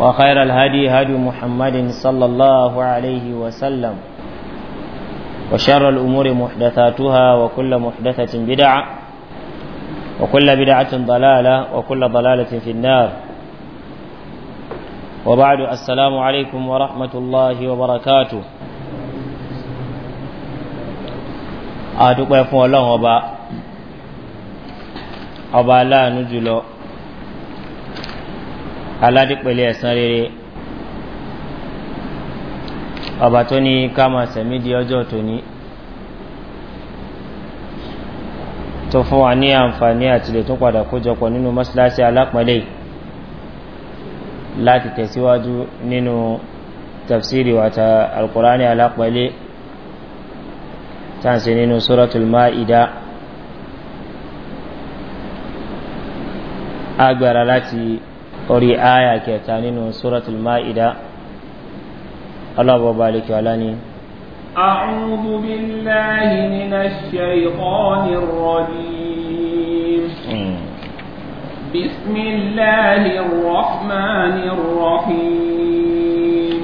وخير الهدي هدي محمد صلى الله عليه وسلم وشر الأمور محدثاتها وكل محدثة بدعة وكل بدعة ضلالة وكل ضلالة في النار وبعد السلام عليكم ورحمة الله وبركاته أدوك يفون الله وبا أبا لا نجلو aládìpẹ̀lẹ̀ ẹ̀sán rere ọba tó ní káàmà sẹ̀mí di ọjọ́ tóní tó fún wa ní àǹfààní àti lè tún padà kójọpọ̀ nínú mọ́síláṣí alápẹ̀lẹ̀ láti tẹ̀síwájú nínú tafsiri wata alkùránì alápẹ̀lẹ̀ tàǹsì nínú suratul ma'ida agbára láti orí aya kẹta nínú suratul ma'ida ọlọ́bọ̀ balẹ̀kẹ́ ọlá ni. أعوذ بالله من الشيطان الرجيم بسم الله الرحمن الرحيم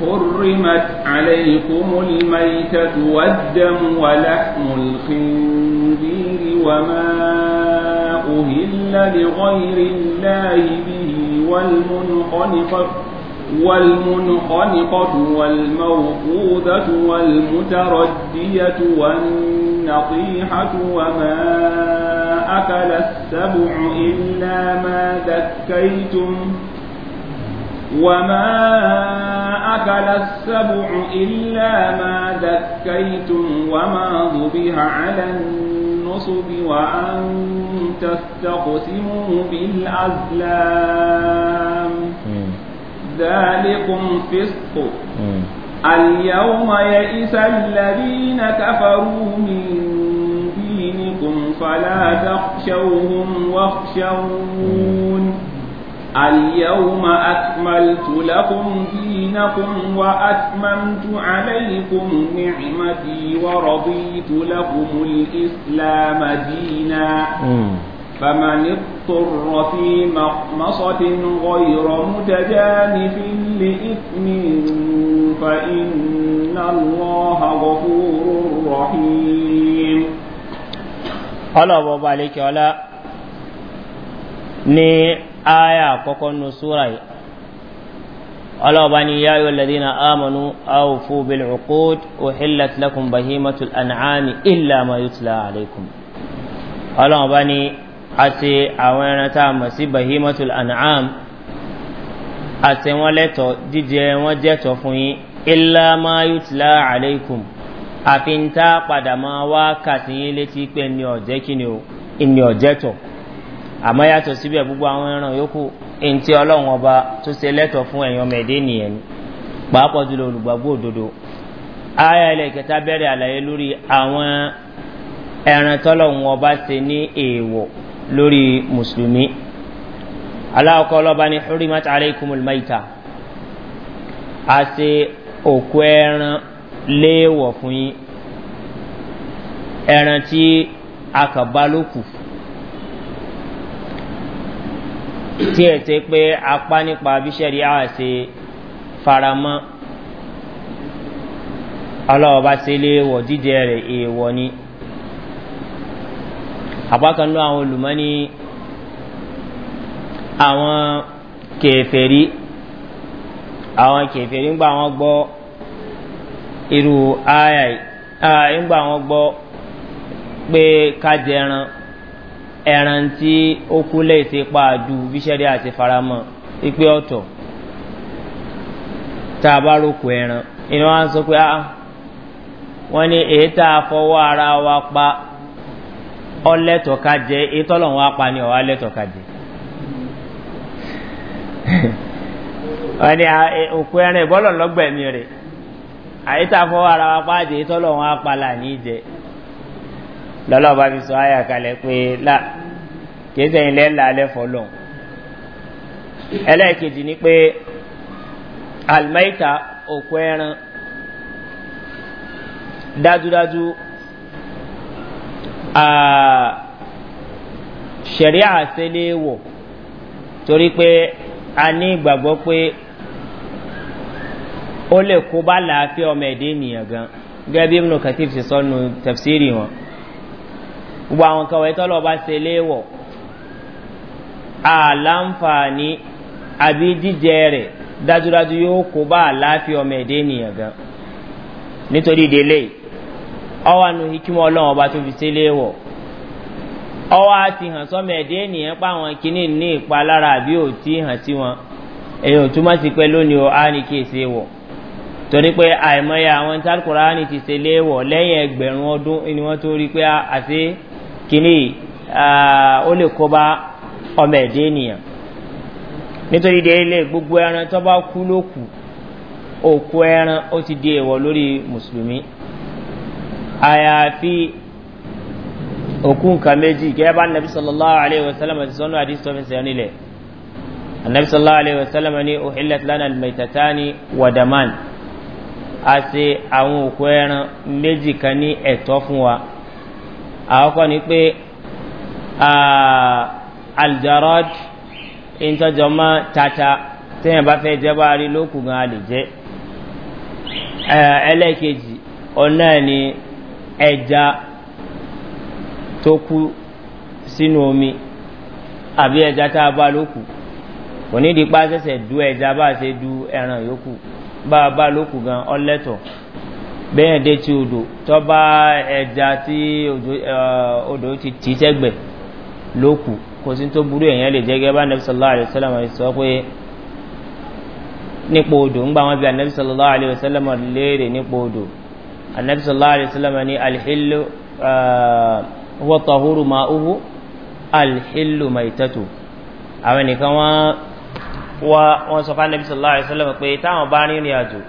حرمت عليكم الميتة والدم ولحم الخنزير وما لغير الله به والمنخنقة والمنخنقة والموقودة والمتردية والنطيحة وما أكل السبع إلا ما ذكيتم وما أكل السبع إلا ما ذكيتم وما ذبح على النار الرسل وأن تستقسموا بالأزلام ذلكم فسق اليوم يئس الذين كفروا من دينكم فلا تخشوهم واخشون اليوم أكملت لكم دينكم وأتممت عليكم نعمتي ورضيت لكم الإسلام دينا فمن اضطر في مقمصة غير متجانف لإثم فإن الله غفور رحيم ọlọ́wọ́ ọba عليك ولا ني aya àkọ́kọ́ nù súra yìí ọlọ́ọ̀bá ni yá yóò lẹ́dí na ámànú áwòfó bil ọkọ́d òhìlẹ̀ tilẹ̀kùn bahimatu an'ami illa ma yóò tilẹ̀ àlékún ọlọ́ọ̀bá ni a ti àwọn ẹran tá a mọ̀ sí bahimatu an'am àti wọn lẹ́tọ̀ jíjẹ wọn jẹ́tọ̀ fún yín illa ma yóò tilẹ̀ àlékún àfi ń tá padà máa wá kàtìyín létí pé ní ọ̀jẹ́ kí ni ò ní ọ̀jẹ́ tọ̀ àmọ́ yàtọ̀ síbẹ̀ gbogbo àwọn ẹran yòókù eŋti ọlọ́run ọba tó ṣe lẹ́tọ̀ fún ẹ̀yàn mẹ̀dé nìyẹn ni pàápọ̀ jùlọ olùgbàgbọ́ òdodo aya ilẹ̀ kẹta bẹ̀rẹ̀ àlàyé lórí àwọn ẹran tọ́lọ́run ọba ṣe ní èèwọ̀ lórí mùsùlùmí aláwọ̀kọ́ ọlọ́ba ní hurimat aleikum maita a ṣe òkú ẹran léèwọ̀ fún yín ẹran tí a kà bá lókùú tí ẹ̀ tẹ́ pé apá nípa bíṣẹ́rí á ṣe faramọ́ aláwọ̀ bá ṣe lé wọ̀ jíjẹ rẹ̀ èèwọ̀ ni àpákanú àwọn olùmọ́ni àwọn kèfèrí àwọn kèfèrí ńgbà wọn gbọ́ irú ayà ńgbà wọn gbọ́ pé ká jẹran ẹran tí ó kú lẹ́yìn tí pa àdú bíṣẹ́rí àti faramọ́ ipe ọ̀tọ̀ tá a bá rókò ẹran inú wa ń sọ pé ah wọ́n ní èyí tá a fọwọ́ ara wa pa ọlẹ́tọ̀ ká jẹ èyí tọ́lọ̀ wọn pa ni ọ̀wá lẹ́tọ̀ ká jẹ wọ́n ní ah, e, òkú ẹran ìbọ́lọ̀ lọ́gbẹ̀mí rẹ̀ àyíká fọwọ́ ara wa pa jẹ èyí tọ́lọ̀ wọn pa là ní jẹ lọ́lọ́ba fi sọ àyà kalẹ̀ pé là kìí sẹ́yìn lẹ́la alẹ́ fọlọ́n ẹlẹ́ẹ̀kejì ni pé almaita òkú ẹran dájúdájú ṣẹ̀rí àṣẹléwọ̀ torí pé a ní ìgbàgbọ́ pé ó lè kó bá làáfíà ọmọ ẹ̀dẹ́ ènìyàn gan gẹ́gẹ́ bí ibùdó katif ṣe sọ́nu tẹ̀síìrì wọn gbogbo àwọn nǹkan wọ̀nyí tọ́lọ̀ bá ṣe léèwọ̀ àlàǹfààní àbí jíjẹ rẹ̀ dájúdájú yóò kó bá àláfíà ọmọ ẹ̀dẹ́ ènìyàn gan nítorí ìdílé ọwọ́ nu hikimu ọlọ́run ọba tó fi ṣe léèwọ̀ ọwọ́ àti hàn sọ́mọ ẹ̀dẹ́ ènìyàn pa àwọn kìíní ní ìpalára àbí òtí hàn sí wọn èèyàn túmọ̀ sí pé lónìí o á ní kí èsè wọ̀ torí pé àìmọye àwọn tí alukóra ni ti ṣe léèwọ̀ lẹ́yìn ẹgbẹ̀rún ọdún ni wọ́n tó rí pé àti kìíní ó lè kó bá ọmọ ẹ̀dẹ́ ènìyàn nítorí délé gbogbo ẹran tó bá kú ló òkú ẹran ó ti di èèwọ̀ lórí mùsùlùmí àyàfi òkú nǹkan méjì gẹ́gẹ́ bá nàbí sallallahu alayhi wa sallam àti sọ́nà àdìs tó fi sẹ́yìn nílẹ̀ anabi sallallahu alayhi wa sallam ni uhillat lana almaitatani wa daman a se àwọn òkú ẹran méjì kan ní ẹ̀tọ́ fún wa àkọ́kọ́ ni pé aljarod ìtọ́jọ́mọ́ tata tẹ́yìn bá fẹ́ jẹ́ bá rí lókùn gan a lè jẹ́ ẹlẹ́ẹ̀kejì ọ̀nà ni ẹja tó kú sínú omi àbí ẹja tá a bá lókù kò ní di pa du ẹja bá ṣe du ẹran yòókù bá a bá lókù gan ọlẹ́tọ̀ọ́ bẹ́yàn dé ti odò tọ́ bá ẹja tí odò eh, ti tì sẹ́gbẹ̀ lókù kò sí tó burú èèyàn lè jẹ́gẹ́ bá nẹ́bí sọ́lá àlẹ́sọ́lá àti sọ pé nípa odò ń gbà wọ́n bí anẹ́bí sọ́lá àlẹ́sọ́lá léèrè nípa odò anẹ́bí sọ́lá àlẹ́sọ́lá ní alhilu eh, wọ́n tọ́húrù máa uhu alhilu maitatu àwọn nìkan wọ́n sọ fún anẹ́bí àlẹ́sọ́lá pé táwọn bá rìnrìn àjò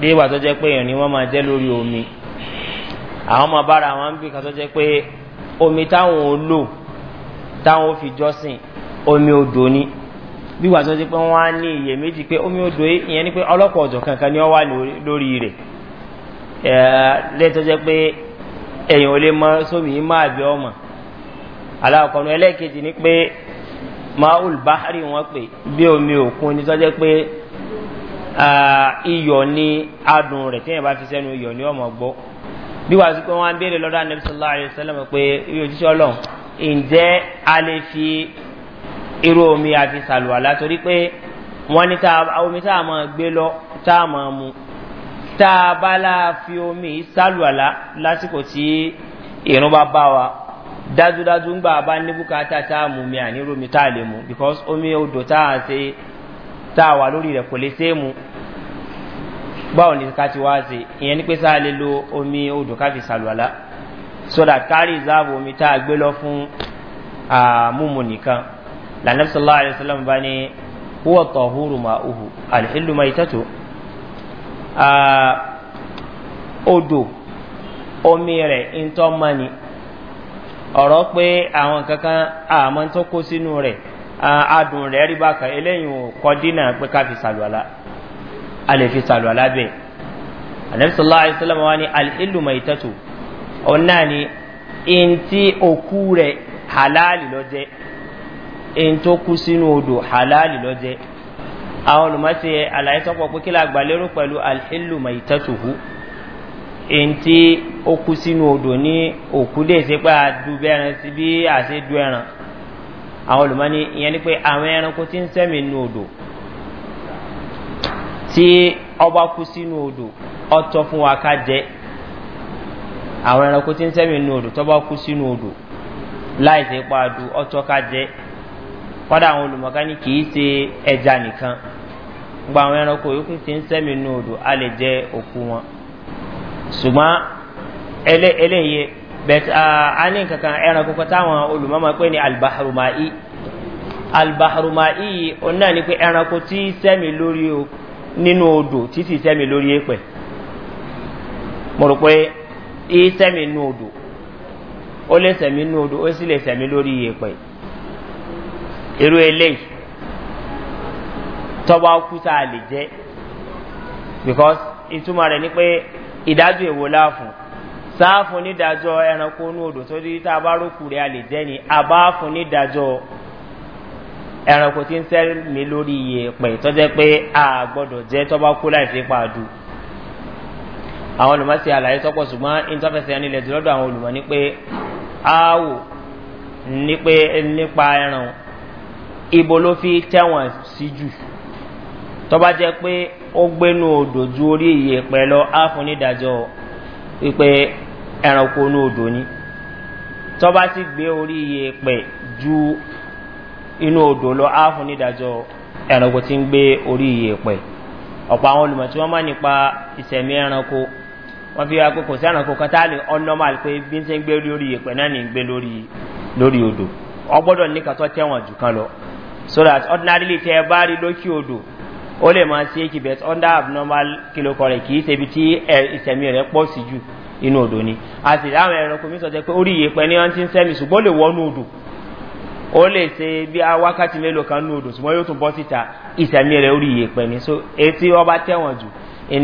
bí ìgbà tó jẹ́ pé èèyàn ni wọ́n máa jẹ́ lórí omi àwọn ọmọ bára àwọn ń bì kan tó jẹ́ pé omi táwọn ò lò táwọn ò fi jọ́sìn omi odò ni bí ìgbà tó jẹ́ pé wọ́n á ní iye pé omi odò ìyẹn ni pé ọlọ́pàá ọ̀jọ̀ kankan ni wọ́n wà lórí rẹ̀ lẹ́tọ́ jẹ́ pé èèyàn ò lè mọ sómi yìí máa bí ọmọ aláàkọ́nu ẹlẹ́ẹ̀kejì ni pé maul bahari wọ́n pè bí omi òkun ni tó jẹ́ pé iyọ̀ ni adùn rẹ̀ téèyàn bá fi sẹ́nu iyọ̀ ni ọmọ gbọ́ bí wàá sí pé wọ́n á béèrè lọ́dọ̀ anabi sallallahu alayhi wa sallam pé iye òjíṣẹ́ ọlọ́run ǹjẹ́ a lè fi irú omi àfi sàlùwàlá torí pé wọ́n ní omi tá a máa gbé lọ tá a máa mu tá a bá la fi omi sàlùwàlá lásìkò tí ìrún bá bá wa dájúdájú ń gbà bá ní bùkátà tá a mú mi àní irú omi tá a lè mu because omi odò tá a ṣe tá a wà lórí rẹ̀ kò lè ṣe é mu báwo ni ká ti wá ṣe ìyẹn ni pé sáà lè lo omi odò ká fi ṣàlùwàlá sódà kárí ìzáàbò omi tá a gbé lọ fún múmu nìkan lànà sọlá àdìsọlá bá ní wọ́n tọ̀ húrù máa hù àlìhílù máa ìtẹ́tù odò omi rẹ̀ ń tọ́ mọ́ni ọ̀rọ̀ pé àwọn kankan àmọ́ tó kó sínú rẹ̀ adùn rẹ̀ rí bákan eléyìí ò kọ́ dínà pé ká fi sàlùwàlá a lè fi sàlùwàlá bẹ́ẹ̀ anabisalaam alayisalaam wa ni alilu maitatu òun náà ni ntí òkú rẹ̀ halali lọ́jẹ́ ntó kú sínú odò halali lọ́jẹ́ àwọn olùmọ̀sí àlàyé sọ́pọ̀ pé kí la gbà lérò pẹ̀lú alilu maitatu hu ntí òkú sínú odò ní òkú lè ṣe pé a dubẹ̀rẹ̀ sí bí a àwọn olùmọ́ni ìyẹn ni pé àwọn ẹranko ti ń sẹ́mi odò tí ọba kú sínú odò ọtọ fún wa ká jẹ àwọn ẹranko ti ń sẹ́mi nínú odò tọ́ba kú sínú odò láì sí paadu ọtọ jẹ kọ́dà àwọn ní kì í ẹja nìkan gba àwọn ẹranko yòókù ń sẹ́mi odò a lè jẹ òkú wọn bet uh, a anin ka kan era ko ta wa ulu mama ko ni al bahru ma'i al bahru ma'i onna ni ko era ti semi lori o ninu odo ti ti semi lori epe mo pe i semi nu odo o le semi nu odo o si le semi lori epe iru eleyi to ba ku ta le je because ituma re ni idaju ewo fun sáàfù nídàájọ́ ẹranko inú odò tó dí tá a bá rókù rẹ̀ a lè jẹ́ ni a bá lórí iye pẹ̀ tó pé a gbọ́dọ̀ jẹ́ tó bá kú láì fi pa àdú àwọn olùmọ̀sí àlàyé tọ́pọ̀ ṣùgbọ́n ìtọ́fẹsẹ̀ nílẹ̀ jù lọ́dọ̀ àwọn olùmọ̀ ni pé aáwò ni pé nípa ẹran ibo ló fi tẹ̀wọ̀n sí jù tó bá jẹ́ pé ó gbénu odò ju orí iye pẹ̀ lọ á fún nídàájọ́ ẹranko ní odò ni tọ́ba sì gbé orí iye pẹ ju inú odò lọ á nídàjọ eranko ẹranko tí ń gbé orí iye pẹ ọ̀pọ̀ àwọn olùmọ̀ tí wọ́n máa nípa ìsẹ̀mí ẹranko wọ́n fi akókò sí ẹranko kan tá ní pé bí ń iye pẹ náà ní lori gbé odò ní so that ordinarily ẹ bá rí odò ó lè máa ṣe é under abnormal kìlókọ̀ rẹ̀ kì í ṣe ibi tí ìsẹ̀mí inú odò ni a sì láwọn ẹranko mi sọ̀tẹ́ pé orí ìyẹ̀pẹ̀ ni wọ́n ti ń sẹ́mi ṣùgbọ́n lè wọ́nú odò ó lè ṣe bí a wákàtí mélòó kan nú odò ṣùgbọ́n yóò tún bọ́ síta ìsẹ̀mí rẹ̀ orí ìyẹ̀pẹ̀ ni so etí ọba tẹ̀wọ̀n jù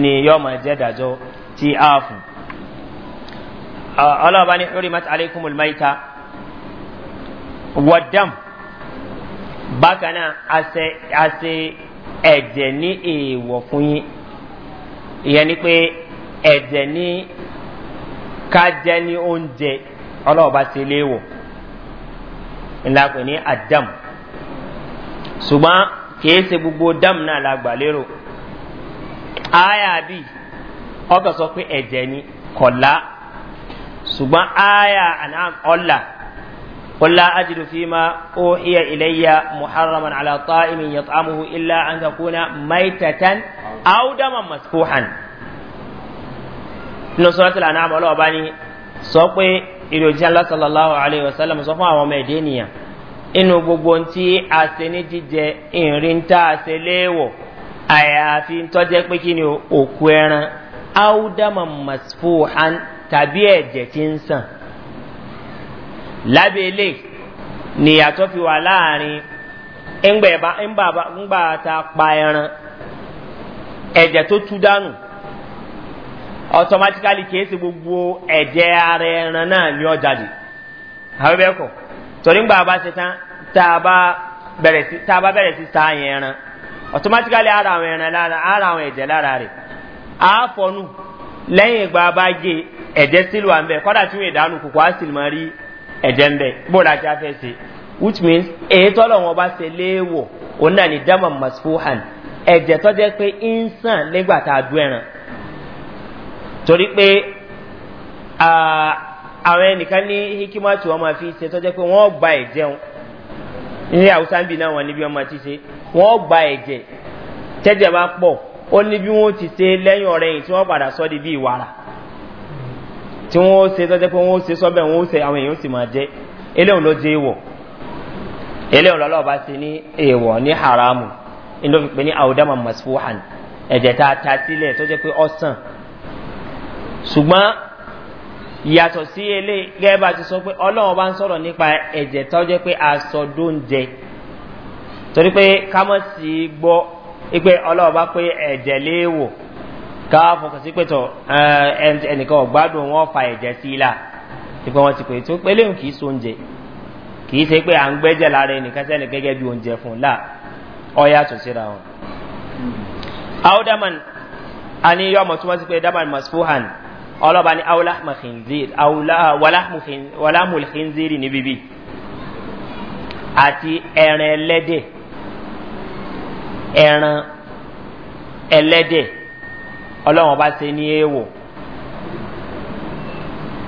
ni yóò máa jẹ́ ìdájọ́ ti áàfù ọlọ́ọ̀bá ní hurimat aleikum ulmaita wọ́dàm bákanáà àṣẹ ẹ̀jẹ̀ ní èèwọ̀ fún yín ìyẹn ni pé ẹ̀jẹ̀ ní ká jẹ ní oúnjẹ ọlọ́ọ̀bá ṣe léèwọ̀ ńlá pè ní adam ṣùgbọ́n kìí ṣe gbogbo dam náà la gbà lérò aya bi ọkọ̀ sọ pé ẹ̀jẹ̀ ni kọ̀lá ṣùgbọ́n aya àná ọ̀là ọ̀là ajídù fi ma ó iya iléyà muharraman ala ta'imin ya tsamuhu illa an takuna maitatan audaman masfuhan nínú sọ́tìlá náà bọ́ lọ́wọ́ bá ní sọ pé ìròjì alásàlọ́láhùn aleyhi wa sálàm sọ fún àwọn ọmọ ẹ̀dẹ́ ènìyàn inú gbogbo tí a ṣe ní jíjẹ ìrìn tá a ṣe léèwọ̀ àyàfi tọ́jẹ́ pé kí ni òkú ẹran áúdámà masfuhan tàbí ẹ̀jẹ̀ tí ń sàn lábẹ́lẹ̀ níyàtọ̀ fi wà láàrin ńgbà ta pa ẹran ẹ̀jẹ̀ tó tú dánù automatically kìí ṣe gbogbo ẹ̀jẹ̀ ara ẹran náà ni ọ jáde àwọn bẹ́ẹ̀ kọ̀ torí ngbà bá ṣe tán tá a bá bẹ̀rẹ̀ sí tá a bá bẹ̀rẹ̀ sí sa yẹn ẹran automatically ara àwọn ẹran lára ara àwọn ẹ̀jẹ̀ lára rẹ̀ á fọnù lẹ́yìn ìgbà bá gé ẹ̀jẹ̀ sílù à ń bẹ̀ kọ́dà tí wọ́n ìdánù kòkó á sì máa rí ẹ̀jẹ̀ ń bẹ̀ bó la já fẹ́ ṣe which means èyí tọ́lọ̀ wọn bá ṣe léèwọ̀ òun náà ni dama masfuhan ẹ̀jẹ̀ tọ́jẹ́ pé ń sàn nígbà tá a dú ẹran torí pé àwọn ẹnìkan ní hikima tí wọ́n máa fi ṣe tọ́jẹ́ pé wọ́n gba ẹ̀jẹun ní haúsá ń bì náà wọ́n níbi wọ́n máa ti ṣe wọ́n gba ẹ̀jẹ̀ tẹ́jẹ̀ bá pọ̀ ó ní bí wọ́n ti ṣe lẹ́yìn ọ̀rẹ́ yìí tí wọ́n padà sọ́ di bí ìwàrà tí wọ́n ṣe tọ́jẹ́ pé wọ́n ṣe sọ́bẹ̀ wọ́n ṣe àwọn èèyàn sì máa jẹ́ eléyìí ló jẹ́ èèwọ̀ eléyìí lọ́lọ́ bá ṣe ní èèwọ̀ ní haramu ní ló fi pè ní àwùdámà masfuhan ẹ̀jẹ̀ tá a ta sílẹ̀ tọ́jẹ́ pé ọ̀sán ṣùgbọ́n yàtọ̀ sí ilé gẹ́gẹ́ bá ti sọ pé ọlọ́run bá ń sọ̀rọ̀ nípa ẹ̀jẹ̀ tó jẹ́ pé asọdóúnjẹ torí pé kámọ́sì gbọ́ pé ọlọ́run bá pé ẹ̀jẹ̀ léèwọ̀ káwá fọkàn sí pẹ̀tọ̀ ẹnìkan ọ̀gbádùn wọn fa ẹ̀jẹ̀ sí ilà ìpè wọn ti pè tó pé léyìn kìí sóúnjẹ kìí ṣe pé à ń gbẹ́jẹ̀ lára ẹnìkan sẹ́ni gẹ́gẹ́ bí oúnjẹ fún un là ọ yàtọ̀ síra wọn. audaman a ní yọmọ túmọ̀ sí pé daman masfuhan ọlọ́ba ní awláhùnmùkínzírì ní bíbí àti ẹran ẹlẹ́dẹ̀ ẹran ẹlẹ́dẹ̀ ọlọ́wọ́n bá se ní èèwọ̀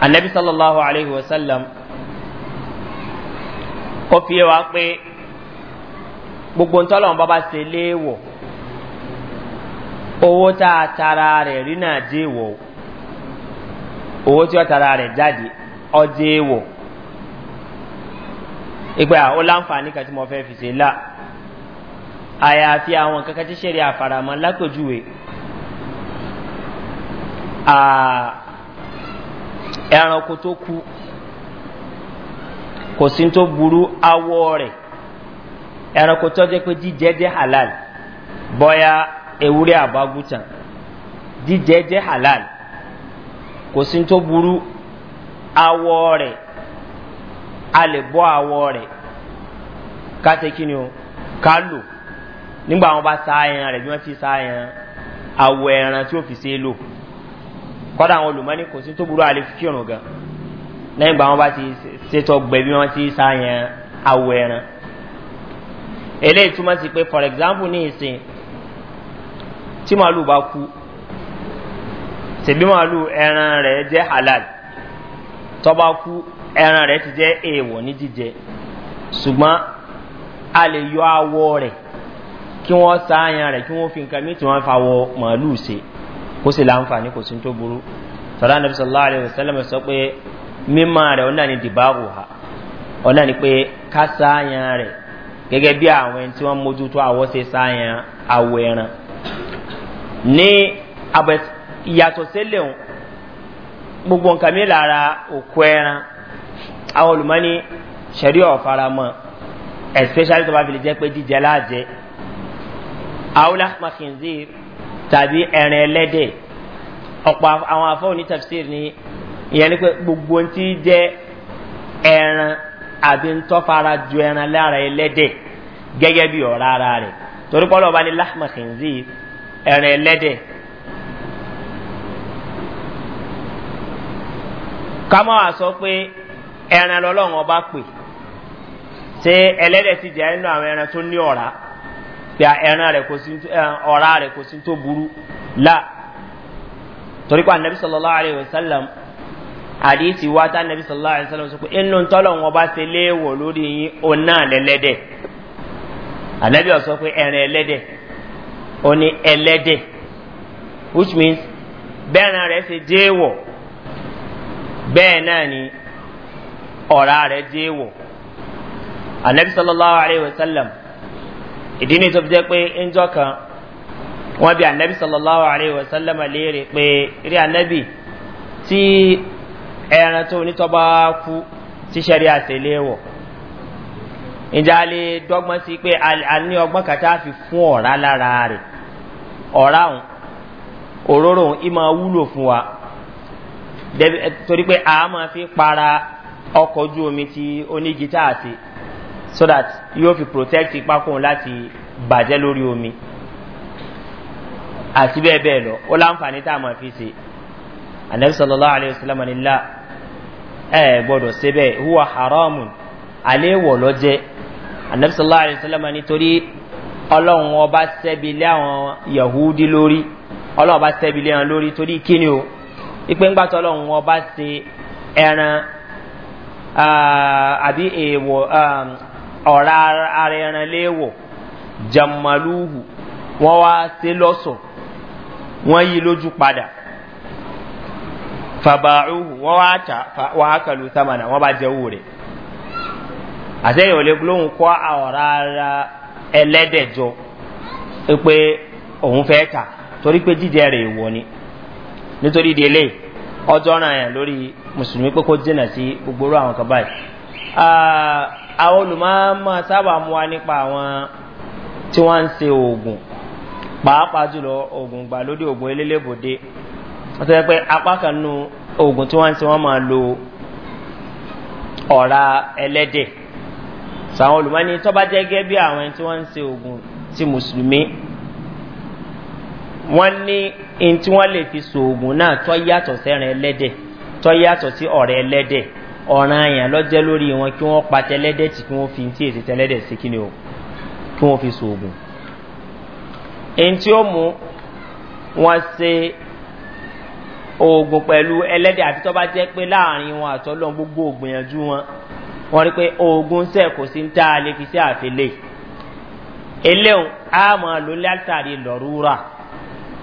anabi sallallahu alayhi wa sallam ó fi wá pé gbogbo ntọ́lọ́wọ́n bá bá se léèwọ̀ owó tá a tara rẹ̀ rí náà dé wọ̀ owó tí ọ̀tara rẹ̀ jáde ọjẹ́ èèwọ̀ ìpè àwọn láǹfààní kan tí mo fẹ́ fi ṣe là àyàfi àwọn kankan tí ṣẹ̀rí àfaramọ́ látòjúwe ẹranko tó kú kò sí tó burú awọ rẹ̀ ẹranko tó jẹ́ pé jíjẹ jẹ́ halal bọ́yá ewúrẹ́ àbágùtàn jíjẹ jẹ́ halal kò sí tó burú awọ rẹ̀ a lè bọ́ awọ rẹ̀ ká ṣe kí ni o ká lò nígbà wọn bá sa ẹran rẹ̀ bí wọ́n ti sa awọ ẹran tí ó lò kọ́dà àwọn olùmọ́ni kò burú a gan lẹ́yìn wọn bá ti ṣètò gbẹ bí wọ́n ti sa awọ ẹran eléyìí túmọ̀ sí pé for example ní ìsìn tí màálù bá kú tẹ̀bí màálù ẹran rẹ̀ jẹ́ halal tọ́ba kú ẹran rẹ̀ ti jẹ́ èèwọ̀ ní jíjẹ ṣùgbọ́n a lè yọ awọ rẹ̀ kí wọ́n sáàyàn rẹ̀ kí wọ́n fi nǹkan mí tí wọ́n fa wọ màálù ṣe kó sì láǹfààní kò sí tó burú sọ̀rọ̀ ni dìbàrò ìyàtọ̀ sẹ́lẹ̀ ń gbogbo nǹkan mi lára òkú ẹran àwọn olùmọ́ni ṣẹ̀rí ọ̀faramọ́ especially tó bá fi lè jẹ́ pé jíjẹ láàjẹ aula makinzir tàbí ẹran ẹlẹ́dẹ̀ ọ̀pọ̀ àwọn afọ́wò ní tafsir ni ìyẹn ni pé gbogbo ohun tí jẹ́ ẹran àbí ntọ́fara ju ẹran lára ẹlẹ́dẹ̀ gẹ́gẹ́ bí ọ̀rá ara rẹ̀ torí pọ́lọ́ ọba ní lahmakinzir ẹran ẹlẹ́dẹ̀ Kama má wàá sọ pé ẹran lọ́lọ́run ọba pè ṣé ẹlẹ́dẹ̀ ti jẹ́ nínú àwọn ẹran tó ní ọ̀rá pé ẹran rẹ̀ kò sí ọ̀rá rẹ̀ kò sí tó burú là torí pé anabi sọlọ́lá àlẹ́ wasalam àdìsí wa tá anabi sọlọ́lá àlẹ́ wasalam sọ pé inú tọ́lọ́run ọba ṣe léèwọ̀ lórí yín òun náà lẹ́lẹ́dẹ̀ anabi ọ̀sọ́ pé ẹran ẹlẹ́dẹ̀ ó ní ẹlẹ́dẹ̀ which means bẹ́ẹ̀ràn rẹ̀ ṣe déèwọ̀ bẹ́ẹ̀ náà ni ọ̀rá rẹ̀ dé anabi sallallahu alayhi wa sallam ìdí ni tó fi jẹ́ pé kan wọ́n bí anabi sallallahu alayhi wa sallam léèrè pé rí anabi tí ẹran tó ní tọ́ba kú tí sẹ́rí àtẹ̀léwọ̀ ìjà lè dọ́gbọ́n sí pé a ní ọgbọ́n kàtà fi fún ọ̀rá lára rẹ̀ ọ̀rá òun òróró òun ìmọ̀ wúlò fún wa. torí pé a máa fi para ọkọ̀ ojú omi tí onígítà àti so that yóò fi protect pákóhùn láti bàjẹ́ lórí omi àti bẹ́ẹ̀ bẹ́ẹ̀ lọ ó láǹfààní tá a máa fi ṣe anabi sallallahu alayhi wa sallam anilá ẹ gbọdọ̀ ṣe bẹ́ẹ̀ huwa haramun aléwọ̀ lọ́jẹ́ anabi sallallahu alayhi wa sallam nítorí ọlọ́run ọba ṣẹ́bi lé àwọn yahudi lórí ọlọ́run ọba ṣẹ́bi lé wọn lórí torí kíni o ipe ń gbàtọ́ lọ́hùn wọn bá se ẹran àbí èèwọ̀ ọ̀rá ara ẹran léèwọ̀ jamaluhu wọ́n wá se lọ́sọ̀ wọ́n yí lójú padà fàbàáhù wọ́n wá ta wọ́n á kàlù sámànà wọ́n bá jẹ́ owó rẹ̀ àtẹ́yìn ò lè gbólóhùn kọ́ ọ̀rá ara ẹlẹ́dẹ̀jọ pé òun fẹ́ ta torí pé jíjẹ rẹ̀ èèwọ̀ ni nítorí ìdí eléyìí ọjọ́ ọ̀ràn yẹn lórí mùsùlùmí pé kó jìnà sí gbogbo orú àwọn kan báyìí. àwọn olùmọ̀ọ́mọ́ sábà mú wa nípa àwọn tí wọ́n ń se oògùn pàápàá jùlọ oògùn gbàlódé oògùn elélébòde wọ́n sọ pé apá kan nù oògùn tí wọ́n ń se wọ́n máa lo ọ̀ra ẹlẹ́dẹ̀ sàwọn olùmọ́ni tó bá jẹ́ bí àwọn tí wọ́n ń se oògùn ti mùsùlùmí wọ́n ní in tí wọ́n lè fi sòògùn náà tọ́ yàtọ̀ sẹ́rin ẹlẹ́dẹ̀ tọ́ yàtọ̀ sí ọ̀rẹ́ ẹlẹ́dẹ̀ ọ̀ràn àyàn lọ́jẹ́ lórí wọn kí wọ́n pa tẹ́lẹ́dẹ̀ tí kí wọ́n fi tí èsì tẹ́lẹ́dẹ̀ sí kí ni o kí wọ́n fi sòògùn. in tí ó mú wọn ṣe oògùn pẹ̀lú ẹlẹ́dẹ̀ àti tọ́ba jẹ́ pé láàrin wọn àtọ́lọ́ gbogbo ògbìyànjú wọn wọ́n rí pé oògùn sẹ́ẹ̀ kò sí ń tá a lè fi sí àfilẹ̀ eléhùn á máa lò látàrí lọ́rùúrà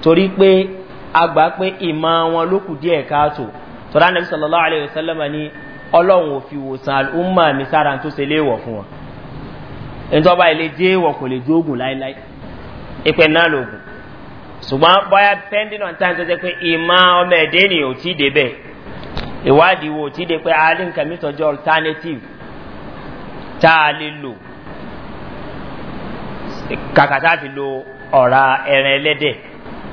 torí pé a gbà pé ìmọ̀ wọn ló kù díẹ̀ káàtó tọ́lá nàbí sọlọ́lá àlẹ́ ìsọ́lẹ́mà ní ọlọ́run ò fi wòsàn àlùmọ̀ mi sára tó ṣe léèwọ̀ fún wọn ntọ́ba ilé jẹ́ wọn kò lè jóògùn láéláé ìpè náà lòògùn ṣùgbọ́n bóyá pending on time tó jẹ́ pé ìmọ̀ ọmọ ẹ̀dẹ́ ni ò tí ì débẹ̀ ìwádìí wo tí dé pé alẹ́ mi tọ́jú alternative tá a lè lò kàkàtà fi lo ọ̀ra ẹran ẹlẹ́dẹ̀ẹ́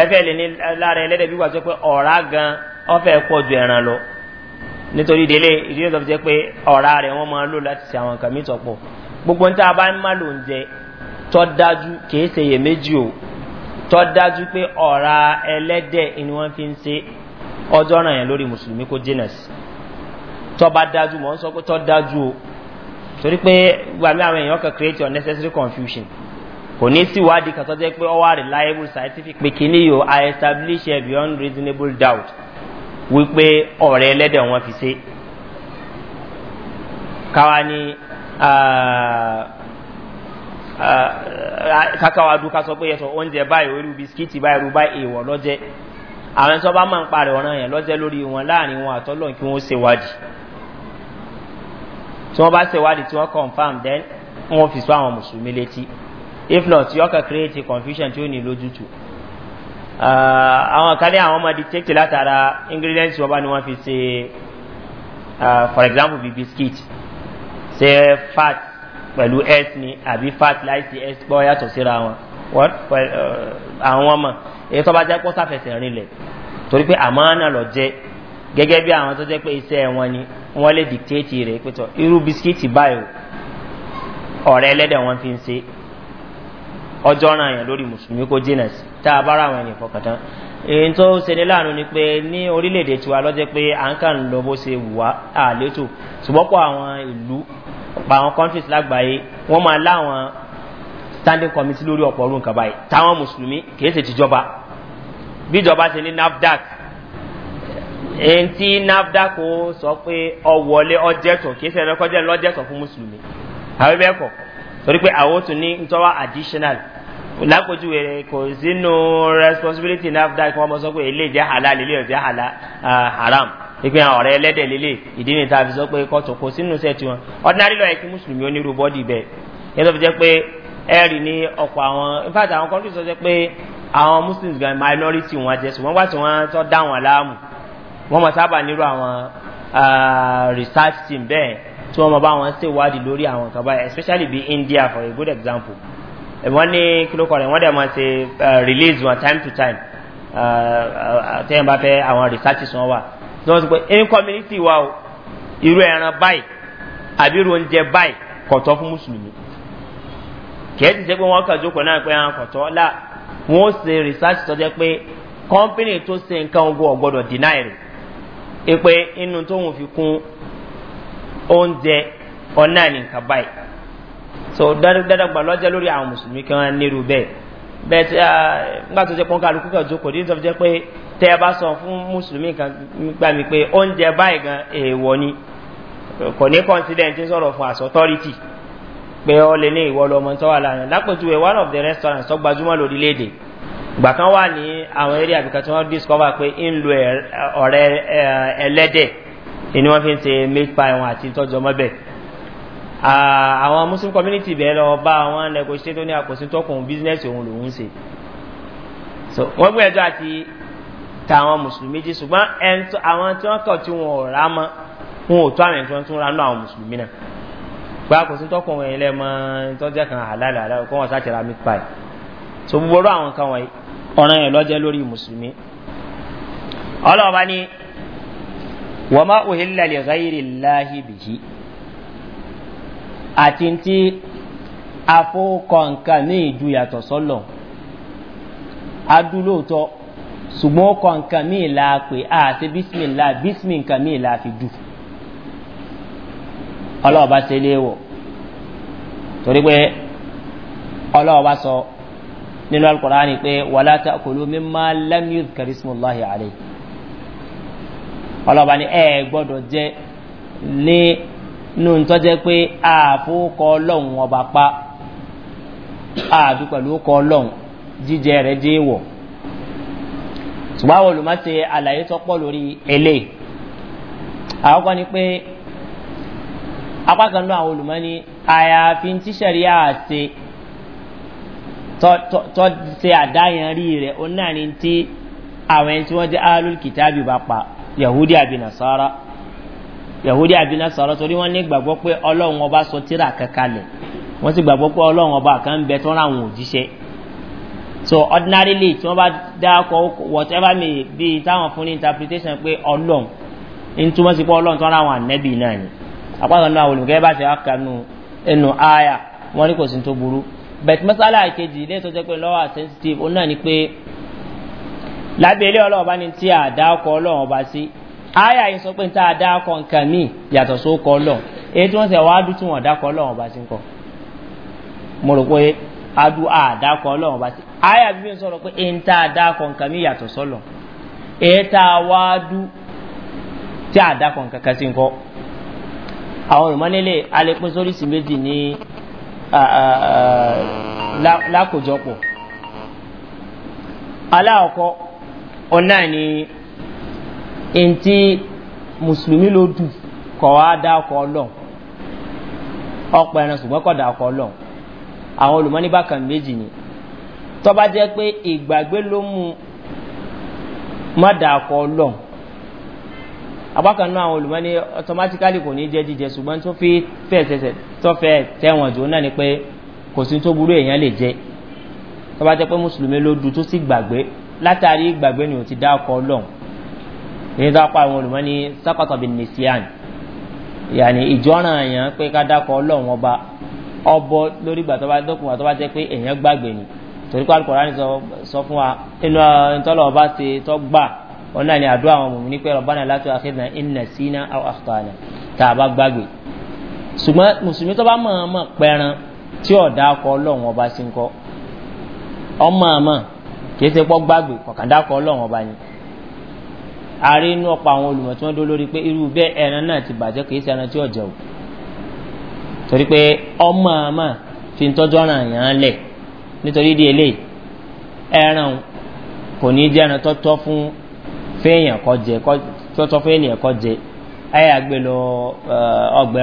ẹfẹ́ lè ní lára ẹlẹ́dẹ̀ bí wà tó pé ọ̀rá gan ọ̀fẹ́ pọ̀ ju ẹran lọ nítorí délé ìdílé tó fi jẹ́ pé ọ̀rá rẹ̀ wọ́n máa lò láti ṣe àwọn nǹkan mí tọ̀pọ̀ gbogbo ní tá a bá ń má lò ń jẹ tọ́ dájú kìí ṣe yè méjì o tọ́ dájú pé ọ̀rá ẹlẹ́dẹ̀ ni wọ́n fi ń ṣe ọjọ́ ràn yẹn lórí mùsùlùmí kó jìnà sí tọ́ bá dájú mọ̀ ń sọ pé tọ́ dájú o torí pé gbàmí àwọn èèyàn kan create unnecessary confusion kò ní sí ìwádìí kan tó jẹ́ pé ọwọ́ reliable scientific pé kí ni yóò i establish a beyond reasonable doubt wípé ọ̀rẹ́ ẹlẹ́dẹ̀ wọn fi ṣe káwa ni ah, ah, kákáwa dúkà sọ pé yẹtọ̀ oúnjẹ báyìí orí bisikíìtì báyìí rú báyìí èèwọ̀ lọ́jẹ́ àwọn tó bá máa ń parẹ̀ ọ̀ràn yẹn lọ́jẹ́ lórí wọn láàrin wọn àtọ́lọ́ kí wọ́n ṣèwádìí tí wọ́n bá ṣèwádìí tí wọ́n confam then wọ́n fi sọ àwọn mùsùlùmí létí if not you kàn create a confusion tí ó ní lójútù uh, àwọn kan ní àwọn ọmọ detect látara ingredients wọn bá ní wọn fi ṣe uh, for example bí biscuit ṣe fat pẹ̀lú s ni àbí fat láìsí s pọ̀ yàtọ̀ síra wọn uh, àwọn ọmọ èyí tó bá jẹ́ pọ́ sáfẹsẹ̀ rinlẹ̀ torí pé àmọ́nà lọ jẹ́ gẹ́gẹ́ bí àwọn tó jẹ́ pé iṣẹ́ wọn ni wọ́n lè dictate rẹ̀ pé tọ́ irú bisikíìtì báyìí ọ̀rẹ́ ẹlẹ́dẹ̀ wọn fi ń ṣe ọjọ́ ràn yàn lórí mùsùlùmí kó jìnà sí tá a bá ra àwọn ẹni fọkàntán èyí tó ṣẹlẹ̀ láàánú ni pé ní orílẹ̀-èdè tiwa lọ́jọ́ pé à ń kàn lọ bó ṣe wà á létò ṣùgbọ́pọ̀ àwọn ìlú àwọn countries lágbàáyé wọ́n máa láwọn standing committee lórí ọ̀pọ̀ ọdún kan báyìí táwọn mùsùlùmí kìí ṣe tìjọba bíjọba ṣe ní nafdac èyí tí nafdac ó sọ pé ọ wọlé ọjẹ́tọ̀ kìí ṣe ẹ̀rọ kọjá lọ́jẹ́tọ̀ fún mùsùlùmí àwọn ẹgbẹ́ kọ̀ọ̀kan torí pé àwọn tún ní ntọ́wá additional lápòjúwe rẹ kò sínú responsibility nafdac wọn bọ sọ pé ilé jẹ halal ilé ọjẹ ah, haram ìpè àwọn ọ̀rẹ́ ẹlẹ́dẹ̀ lélẹ̀ ìdí ni tàbí sọ pé kọ́tù kò sínú iṣẹ́ tiwọn ordinary lawyer kí mùsùlùmí onírú bọ́dì bẹ́ẹ̀ yẹn tó fi jẹ́ pé ẹ̀rì ní ọ̀pọ̀ àwọn in fact àwọn countries sọ pé àwọn muslims gan minority wọn jẹ ṣùgbọ́n wá tí wọ́n tọ́ dá wọn láàmú wọ́n mọ̀ sábà nírú àwọn ah, research team bẹ́ẹ̀ tí wọ́n mọ̀ bá wọn ṣe wádìí lórí àwọn nǹkan báyìí especially bí india for a good example wọ́n ní kíló kọ̀ọ̀rẹ́ wọ́n dẹ̀ máa ṣe uh, release wọn time to time uh, uh, tẹ́yìn bá fẹ́ àwọn researches wọn wà tí wọ́n sọ pé any community wa o irú ẹran báyìí àbí irú oúnjẹ báyìí kọ̀tọ́ fún mùsùlùmí kìí ti ṣe pé wọ́n kà jókòó náà pé ẹran ah, kọ̀tọ́ là wọ́n ṣe research tó jẹ́ pé company tó ṣe nǹkan ogun ọ̀gbọ́dọ̀ deny rẹ̀ pé inú tóun fi kún oúnjẹ ọ̀nà ní nǹkan báyìí so dáadáa gbà lọ́jọ́ lórí àwọn mùsùlùmí kí wọ́n nírú bẹ́ẹ̀ bẹ́ẹ̀ tí ah, nígbà tó jẹ́ pọ́n kálukú kan jókòó dídí tó fi jẹ́ pé tẹ́ ẹ bá sọ fún mùsùlùmí kan gbà mí pé oúnjẹ báyìí gan èèwọ̀ ni kò ní confident ń sọ̀rọ̀ fún as authority pé ọ lè ní ìwọ lọmọ tó wà láàrin lápèjúwe one of the restaurants tó gbajúmọ̀ lórílẹ̀‐èdè gbà kan wà ní àwọn eré àbíkà tí wọ́n discover pé ń lo ọ̀rẹ́ eh, ẹlẹ́dẹ̀ẹ́ ni wọ́n fi ń ṣe make pie wọn àti tọ́jú ọmọ bẹ́ẹ̀. àwọn muslim community bẹ́ẹ̀ lọ bá àwọn negotiate tó ní àkóso tọkùn business òun lòún ṣe. so wọ́n gbé ẹjọ́ àti ta àwọn mùsùlùmí jí ṣùgbọ́n àwọn tí wọ́n kọ̀ tí wọn ò rà mọ́ wọn ò tó àwọn ẹni tí wọ́n tún ra nú àwọn mùsùlùmí náà. gba àkóso tọkùn wọn ilé mọ́ tọ́jà kan àlàlà àlàlà kó wọn sá pie. so gbogbo àwọn kan wọ̀nyí ọ̀ràn yẹn ọlọ́ọ̀bá ni wa ma uhilla li ghairi llahi bihi àti ntí afọwọ́kọ nǹkan ní ìju yàtọ̀ sọ́lọ̀ adúlóòtọ́ ṣùgbọ́n ọkọ nǹkan míì la pè á ṣe bísímìlá bísímì nǹkan míì la fi dù ọlọ́ọ̀bá ṣe léèwọ̀ torí pé ọlọ́ọ̀bá sọ nínú alukọ̀rọ̀ á ní pé wàlá takòló mímá lámìí kàrísìmọ̀láhì àlẹ́ yìí ọlọ́ba ni ẹ gbọ́dọ̀ jẹ ní nù tó jẹ́ pé àfọwọ́kọ ọlọ́run ọba pa àbí pẹ̀lú ọkọ ọlọ́run jíjẹ rẹ̀ dé wọ̀ ṣùgbọ́n àwọn olùmọ̀ọ́sẹ̀ àlàyé tó pọ̀ lórí eléyìí àwọn kan ní pé apá kan náà àwọn olùmọ̀ ní àyàfi tí sẹ̀ríà ṣe tọ́ ṣe àdáyanrí rẹ̀ ó tí àwọn ẹni tí wọ́n jẹ́ alul bá pa yahudi àbí yahudi àbí nasara torí wọn ní gbàgbọ́ pé ọlọ́run ọba sọ tíra kankanlẹ̀ wọ́n sì gbàgbọ́ pé ọlọ́run ọba kan bẹ tó ra àwọn òjíṣẹ́ so ordinarily tí wọ́n bá dáko whatever may be táwọn fún ní interpretation pé ọlọ́run ń túmọ̀ sí pé ọlọ́run tó ra àwọn ànẹ́bì náà ni àpáta náà olùkẹ́ bá ṣe àkànú ẹnu àyà wọn ní kò sí tó burú bẹ̀tí mọ́sálà kejì ilé tó pé lọ́wọ́ sensitive ó náà ni pé lábẹ́lẹ́ ọlọ́ọ̀bá ni tí a dá ọkọ̀ ọlọ́run ọba sí àyà yìí sọ pé tá a dá ọkọ̀ nǹkan míì yàtọ̀ sí ọkọ̀ ọlọ́run èyí tí wọ́n sẹ̀ wá dùn tí wọ́n dá ọkọ̀ ọlọ́run ọba sí nǹkan mo rò pé adu a dá ọkọ̀ ọlọ́run ọba sí àyà bíbí ń sọ̀rọ̀ pé èyí tá a dá ọkọ̀ nǹkan míì yàtọ̀ sọ́lọ̀ èyí tá a wá dùn tí a dá ọkọ̀ nǹkan kan sí nǹkan àwọn olùmọ́lélẹ̀ alẹ́pẹ́ sórí sí ní lákòjọpọ̀ aláàkọ́ ọ̀nà ni ntí mùsùlùmí ló dù kọ́ wá dá ọkọ̀ ọlọ́run ọ̀pọ̀ ẹran ṣùgbọ́n kọ̀ dá ọkọ̀ ọlọ́run àwọn olùmọ́ní bákan méjì ni tọ́ba jẹ́ pé ìgbàgbé ló mú má dá ọkọ̀ ọlọ́run apákan náà àwọn olùmọ́ni automatically kò ní jẹ́ jíjẹ ṣùgbọ́n tó fi fẹ́ẹ̀sẹ̀sẹ̀ tó fẹ́ tẹ̀wọ̀n jù náà ni pé kò sí tó burú èèyàn lè jẹ́ tọ́ba jẹ́ pé mùsùlùmí ló dù tó sì gbàgbé látàrí ìgbàgbé ni ò ti dákọ ọlọ́run èyí tó apá àwọn olùmọ́ ní sákọ̀tọ̀ bíi nìsíàn yàní ìjọ́ràn èèyàn pé ká dákọ ọlọ́run ọba ọbọ lórí ìgbà tó bá dọ́kun wa tó bá jẹ́ pé èèyàn gbàgbé ni torí pé alukọ̀rá ni sọ fún wa inú ìtọ́lọ̀ ọba ṣe tọ́ gbà wọn náà ni àdúrà àwọn mòmí ní pé ọba náà látọ̀ àkẹ́dùn iná sí iná àkàtàna tá a bá gbàgbé ṣùgbọ́n mùsùlùmí tó bá mọ̀ ọ́n mọ̀ pẹ́ran tí ọ̀dà akọ ọlọ́run ọba ṣe ń kọ́ ọmọ àmọ́ kì í ṣe pọ́ gbàgbé kọ̀kàdákọ̀ ọlọ́run ọba ni ààrẹ inú ọ̀pọ̀ àwọn olùmọ̀ tí wọ́n dó lórí pé irú bẹ́ẹ̀ ẹran náà ti bàjẹ́ kì ṣe ẹran tí ọ̀jẹ̀ o torí pé ọmọ àmà fi ń tọ́jú ọ̀ràn yàn lẹ̀ nítorí di eléyìí ẹran kò ní jẹ́ ẹran tọ́tọ́ fún kọ́ jẹ tọ́tọ́ kọ́ jẹ ayé àgbẹ̀ lọ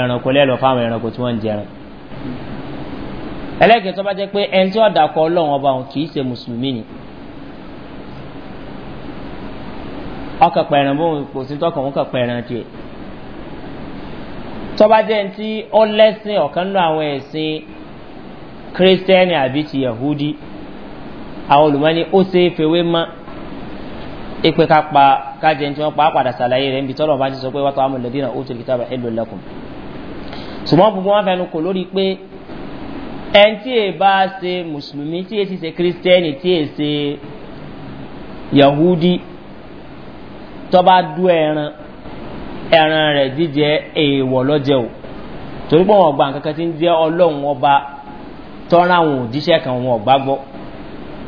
ẹranko lẹ́lọ fáwọn ẹranko tí wọ́n ń tó bá jẹ́ pé ẹni tí ọ̀dà ọba kì í ṣe ọkàn pẹ̀rẹ̀ bó kò sí tọkàn òun kàn pẹ̀rẹ̀ tiẹ̀ tọ́ba jẹ́ ní tí ó lẹ́sìn ọ̀kan nínú àwọn ẹ̀sìn kírísítẹ́nì àbí ti yahudi àwọn olùmọ́ni ó ṣe é fewé mọ́ ipe ká pa kájẹ ní tí wọ́n pa á padà ṣàlàyé rẹ̀ níbi tọ́lọ̀ bá ti sọ pé wàá tọ́ àwọn ọmọlẹ́dí náà ó tó kìtàbà ẹ̀ ló lẹ́kùn ṣùgbọ́n gbogbo wọn fẹnu kò lórí pé ẹni tí èè bá ṣe mùsùlùmí tí èè ti ṣe kírísítẹ́nì tí èè ṣe yahudi tọ́ba dú ẹran ẹran rẹ̀ jíjẹ èèwọ̀ lọ́jẹ́ o torí pé wọn ọgbà kankan ti ń jẹ́ ọlọ́run ọba tọ́ra àwọn òjíṣẹ́ kan wọn ọgbà gbọ́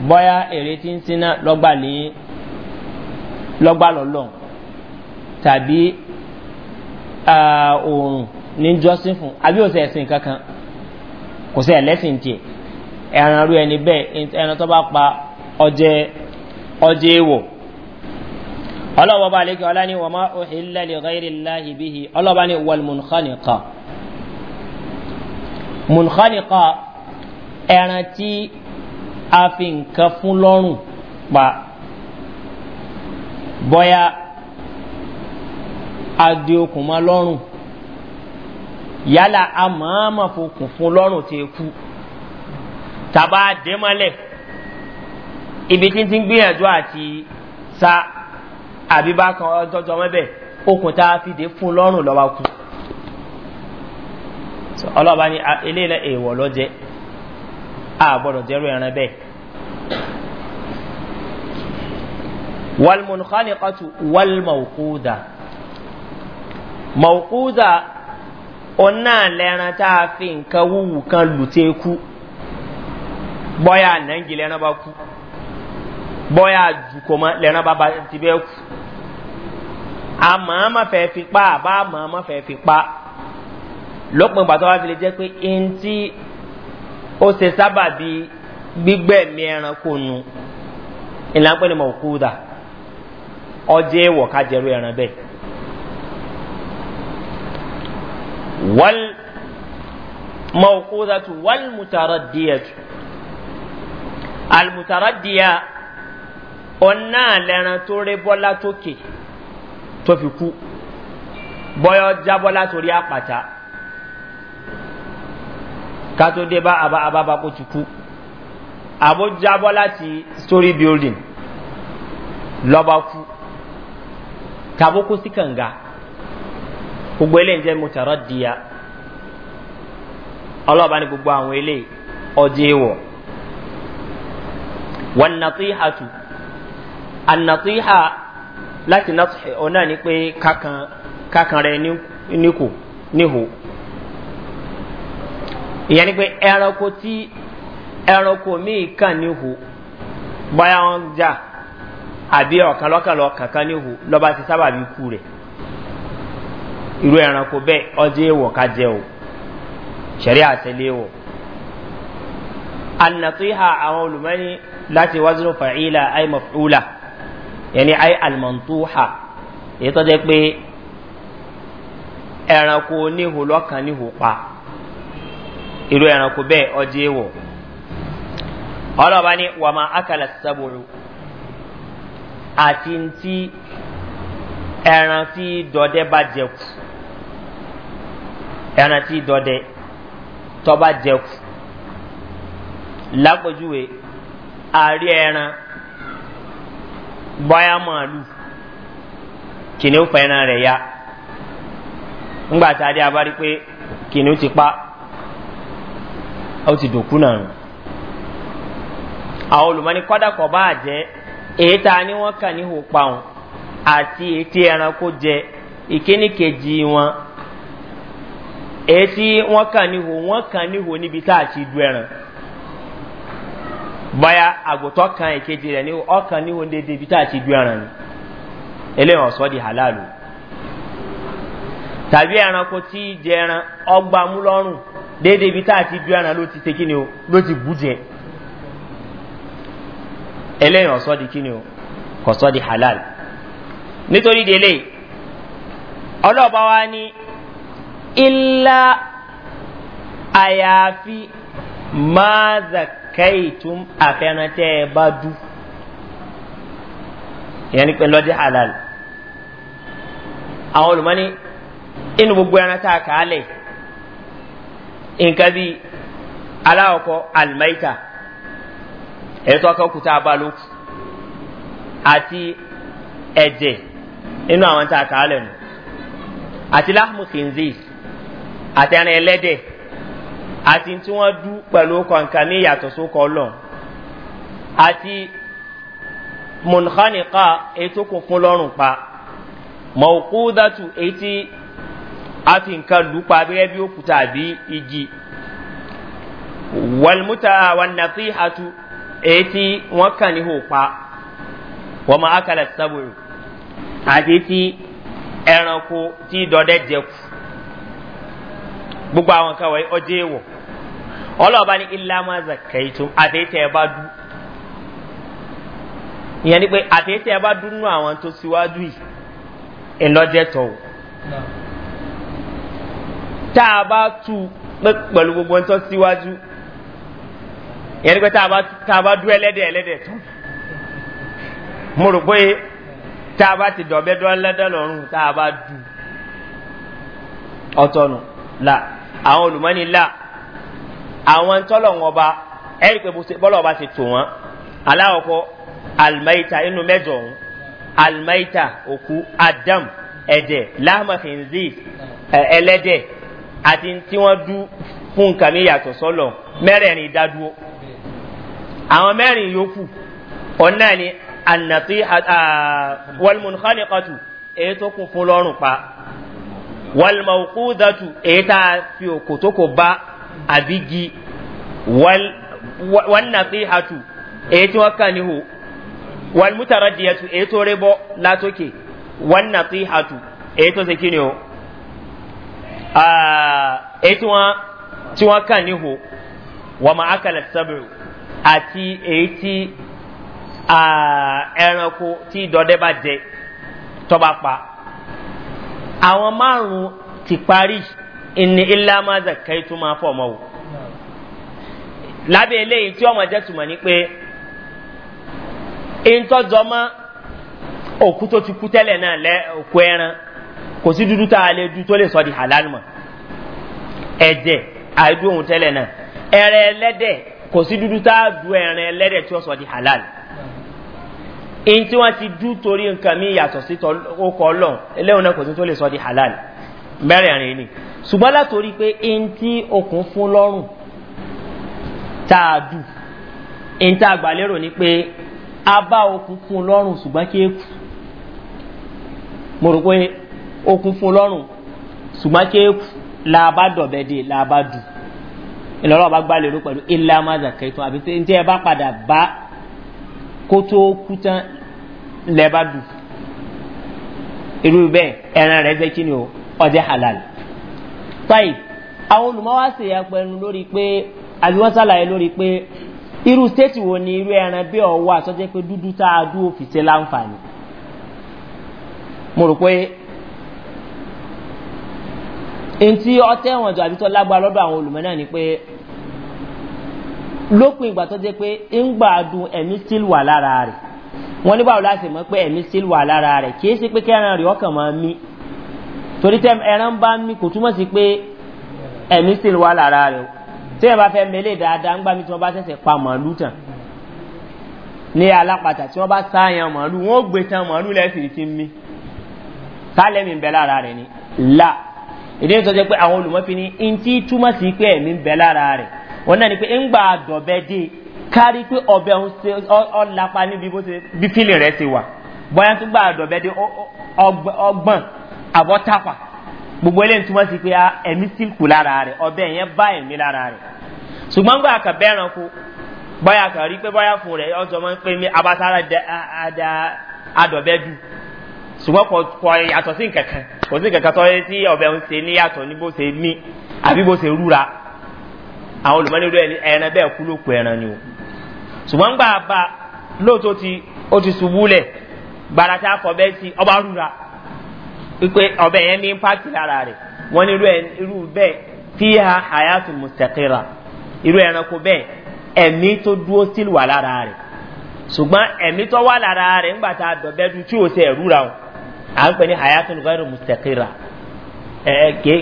bọ́yá èrè tí ń síná lọ́gbà lé lọ́gbà lọ́lọ́run tàbí oòrùn ní jọ́sìn fún àbí òsè ẹ̀sìn kankan kò sí ẹ̀lẹ́sìn tiẹ̀ ẹran rú ẹni bẹ́ẹ̀ ẹran tó pa ọjẹ́ ọjẹ́ èèwọ̀ ọlọ́wọ́ bá lẹ́kẹ́ ọlá ní wọ́n máa ó ilẹ̀ lè rẹ́rì láhì bí i ọlọ́ba ní wọ́n mùnkánìkà mùnkánìkà ẹran tí a fi nǹkan fún lọ́rùn pa bọ́yá adéokùn mọ́ lọ́rùn yálà a fún lọ́rùn tí kú tàbá dé ibi tí ń gbìyànjú àti sa àbí bá kan ọjọ́jọ́ mẹ́bẹ̀ okùn tá a fi dé fún lọ́rùn lọ́wọ́ kù ọlọ́ba ni eléyìí èèwọ̀ lọ́jẹ́ a gbọ́dọ̀ jẹ́rú ẹran bẹ́ẹ̀. walmunkhaliqatu walmawquda mawquda ọ̀nà lẹ́ran tá a fi nǹkan wúwú kan lùtẹ́ kú bọ́yá nàìjíríà lẹ́ran bá kú bọ́yá jùkọ́mọ́ lẹ́ran bá ti bẹ́ẹ̀ kú àmọ́ọ́mọ́ fẹ́ fi pa àbá àmọ́ọ́mọ́ fẹ́ fi pa lópin ìgbà tó wá fi lè jẹ́ pé ẹni tí ó ṣe sábà bí gbígbẹ̀mí ẹranko nu ìlànà pẹ̀lú mọ̀kúdà ọjẹ́ ìwọ̀ kájẹrú ẹran bẹ́ẹ̀. wal mọ̀kúdà tu wal mutara díẹ̀ tu al mutara díẹ̀ ọ̀nà lẹ́ran tó rẹ́ bọ́lá tókè. Okay tó fi kú bọ́yọ̀ jábọ́ látòrí àpàtà kátó dé bá àbá àbábá kó ti kú àbó jábọ́ láti story building lọ́ba kú tàbó kó sí kànga gbogbo eléyìí jẹ́ mọ̀tàrọ́ díya ọlọ́ọ̀bá ní gbogbo àwọn eléyìí ọdí wọ̀ wọ́n nàtí hàtù ànàtí hàtù láti nasuhi ọ̀nà ni pé kakan kakan rẹ níkù níhò ìyẹn ni pé ẹranko tí ẹranko míì kàn níhò báyà wọn jà àbí ọ̀kan lọ́kànlọ́ kankan níhò lọ́ba ti sábà bí kú rẹ̀ irú ẹranko bẹ́ẹ̀ ọjọ́ èèwọ̀ ká jẹ́ o ṣẹ̀rí àtẹlẹ́ wọ̀ annatiha àwọn olùmọ́ni láti wáṣọ fàáìlà àìmọ̀fúlà yẹni ayé alimọ̀ntúhà èyí tọ́jẹ́ pé ẹranko níhò lọ́kàn níhò pa irú ẹranko bẹ́ẹ̀ ọjọ́ èèwọ̀ ọlọ́ba ní wàmà akàlà sábòrò àti ntí ẹran tí dọdẹ bá jẹkù ẹran tí dọdẹ tọ́ bá jẹkù lápòjúwe àárí ẹran. bọ́yá o kìnìún fẹ́ràn rẹ̀ ya ńgbà tá a dé abárí pé kìnìún ti pa o ti dòkú náà nù àwọn olùmọ́ni kọ́dà kọ́ bá jẹ́ èyí tá a ní wọ́n kà ní ìhòòpa wọn àti èyí tí ẹranko jẹ ìkíní kejì wọn èyí tí wọ́n kà ní ìhò wọ́n kà ní ìhò níbi tá a ti du ẹran. baya àgùntọ́ kan ìkejì rẹ̀ ní ọkàn níwọ̀n déédéé bí tá a ti gbé ẹran ni eléyìí di halalu tàbí ẹranko tí jẹ ẹran ọgbà múlọ́rùn déédéé bí tá a ti gbé ẹran ló ti ṣe kíni o ló ti bù jẹ eléyìí ọ̀sọ́ di kíni o kọ̀sọ́ di halal nitori délé ọlọ́ọ̀bá wa ní ilá àyàfi máa kẹ́ìtùm àfẹnatẹ́ ẹ bá dú ìyẹn ni pé lọ́dẹ halal àwọn olùmọ́ni inú gbogbo ẹran tá a kà á lẹ̀ nǹkan bíi aláwọ̀kọ́ alimaita ẹ̀tọ́ akọ́kùtà abalóku àti ẹ̀jẹ̀ inú àwọn tá a kà á lẹ̀ nù àti láhùmù kìnzí àti ẹran ẹlẹ́dẹ̀ẹ́ àti tí wọ́n dú pẹ̀lú kọ̀ǹkan ní ìyàtọ̀ sókọ ọlọ́run àti mùnkánìká èyí tó kún fún lọ́rùn pa mọ̀ọ́kúdàtù èyí tí a fi nǹkan lù pa abẹ́rẹ́ bí òkúta àbí igi wàlmúta wànàfí àtú èyí wọ́n kàn ní hò pa wọ́n máa kàlẹ̀ sábòrò àti tí ẹranko tí dọ́dẹ́ jẹ kù gbogbo àwọn nǹkan wọ̀nyí ọjọ́ èèwọ̀ ọlọ́ọ̀bá ní ìlàmà zakaitum àtẹ̀tẹ̀ ẹ bá dú ìyẹn ni pé àtẹ̀tẹ̀ ẹ bá dú nù àwọn tó síwájú yìí ńlọ́jẹ̀tọ̀ o tá a bá tu pẹ̀lú gbogbo ń tọ́ síwájú ìyẹn ni pé tá a bá dú ẹlẹ́dẹ̀ ẹlẹ́dẹ̀ tán mo rò pé tá a bá ti dọ̀bẹ́ dọ́ ẹlẹ́dẹ̀ lọ́rùn tá a bá dú ọtọ́nu là àwọn olùmọ́nilá àwọn tọ́lọ̀wọ́ba ẹ̀rí pé bọ́lọ̀ọba ti tò wọ́n aláwọ̀kọ́ almaita inú mẹ́jọ ọ̀hún almaita òkú adam ẹ̀dẹ̀ lahmahinzi ẹlẹ́dẹ̀ àti tí wọ́n dú fún nǹkan mi yàtọ̀ sọ́lọ̀ mẹ́rẹ̀ẹ̀rin dádúró àwọn mẹ́rin yòókù ọ̀nà ni anàtí ah, wọlmùnkánìkọ̀tù èyí tó kún fún lọ́rùn pa walmọ̀kúdàtù èyí tá a fi òkòtókò bá àbígi wannàfíhàtù èyí tí wọ́n kà níhò walmutarajiyatu èyí tó rẹ bọ́ látòkè wannàfíhàtù èyí tó ṣe kí ni o èyí tí wọ́n sabu níhò wọ́n máa kàlẹ̀ sábẹ̀rù àti èyí tí ẹranko tí dọ́dẹ́ jẹ tọ́ pa àwọn márùn ti parí ìní ilá máa zàkà ètò máa fọ ọmọ wò lábẹ́ eléyìí tí ọmọ jẹ́ tùmọ̀ ní pé ìtọ́jọ́ mọ́ òkú tó ti kú tẹ́lẹ̀ náà lẹ́ òkú ẹran kò sí dúdú tá a lè dú tó lè sọ di halal mọ́ ẹ̀jẹ̀ àìdú òun tẹ́lẹ̀ náà ẹ̀rẹ̀ ẹlẹ́dẹ̀ kò sí dúdú tá a dú ẹ̀rẹ̀ ẹlẹ́dẹ̀ tí sọ di halal in tí wọ́n ti du torí nǹkan mi yàtọ̀ sí ọkọ̀ ọlọ́run eléyìí náà kò tún tó lè sọ di halal mẹ́rẹ̀ẹ̀rin ni ṣùgbọ́n látòrí pé in tí okun fún lọ́rùn tá a dù in tá a ni pé a bá okùn fún lọ́rùn ṣùgbọ́n kí ekù mo rò pé okun fún lọ́rùn ṣùgbọ́n kí ekù la bá dọ̀bẹ̀ dé la bá dù ìlọ́rọ̀ bá gbà lérò pẹ̀lú ilé amazakẹ́tọ̀ àbí tí ẹ bá padà bá koto tó kú tán lẹ́ẹ̀bá ẹran rẹ jẹ́ kí ni o ọjẹ́ halal. taib àwọn olùmọ́wá sì yà pẹ̀lú lórí pé àbí wọ́n sàlàyé lórí pé irú stéètì wo ni irú ẹran bí ọwọ àtọ́jẹ́ pé dúdú tá a dúró fi ṣe láǹfààní. mo rò pé ntí ọtẹ́ wọn jọ àbí tó lágbára lọ́dọ̀ àwọn náà ni pé. lópin ìgbà tó jẹ́ pé ń gbàdùn ẹ̀mí still wà lára rẹ̀ wọ́n ní báwo láti mọ̀ pé ẹ̀mí still wà lára rẹ̀ kì í ṣe pé kẹ́ran rẹ̀ ọkàn máa mí torí tẹ́ ẹran bá mí kò túmọ̀ sí pé ẹ̀mí still wà lára rẹ̀ o tí ẹ bá fẹ́ mẹ́lẹ̀ dáadáa ń gbà mí tí wọ́n bá ṣẹ̀ṣẹ̀ pa màálù tàn ní alápatà tí wọ́n bá sáyàn màálù wọ́n gbé tán màálù lẹ́sìn ti mí kálẹ̀mí ń bẹ lára rẹ̀ ni là ìdí nítorí pé àwọn olùmọ́fin ní ntí túmọ̀ sí pé wọn náà ni pé ńgbà àdọ̀bẹ dé kárí pé ọbẹ̀ ọ̀làpá níbi bí fílì rẹ̀ ti wà bóyá tó gbà àdọ̀bẹ dé ọgbọ̀n àbọ̀tàpà gbogbo eléyìí túmọ̀ sí pé ẹ̀mí sì kù lára rẹ̀ ọbẹ̀ yẹn bá ẹ̀mí lára rẹ̀ ṣùgbọ́n gbà kà bẹ́ẹ̀ràn kó bóyá kà rí pé bóyá fún rẹ̀ ọjọ́ mọ́ pé mi abasára àdọ̀bẹ dù ṣùgbọ́n kọ yàtọ̀ sí nkankan kò sí nkankan tó yẹ sí ọbẹ̀ ń ṣe ní yàtọ̀ ní bó ṣe ní àbí bó ṣe rúra àwọn olùmọ́nirú ẹni ẹran bẹ́ẹ̀ kú ló pè ẹran ni o ṣùgbọ́n gbà bá lóòótọ́ ti ó ti ṣubú lẹ̀ gbàrà tá a fọ bẹ́ẹ̀ sí ọba rúra pípé ọbẹ̀ yẹn ní pàtì lára rẹ̀ wọ́n ní irú bẹ́ẹ̀ fi ha irú ẹranko bẹ́ẹ̀ ẹ̀mí tó dúró wà lára rẹ̀ ṣùgbọ́n ẹ̀mí tó wà lára rẹ̀ ńgbà tá a dọ̀bẹ́ du tí o ṣe rúra o à ń pè ní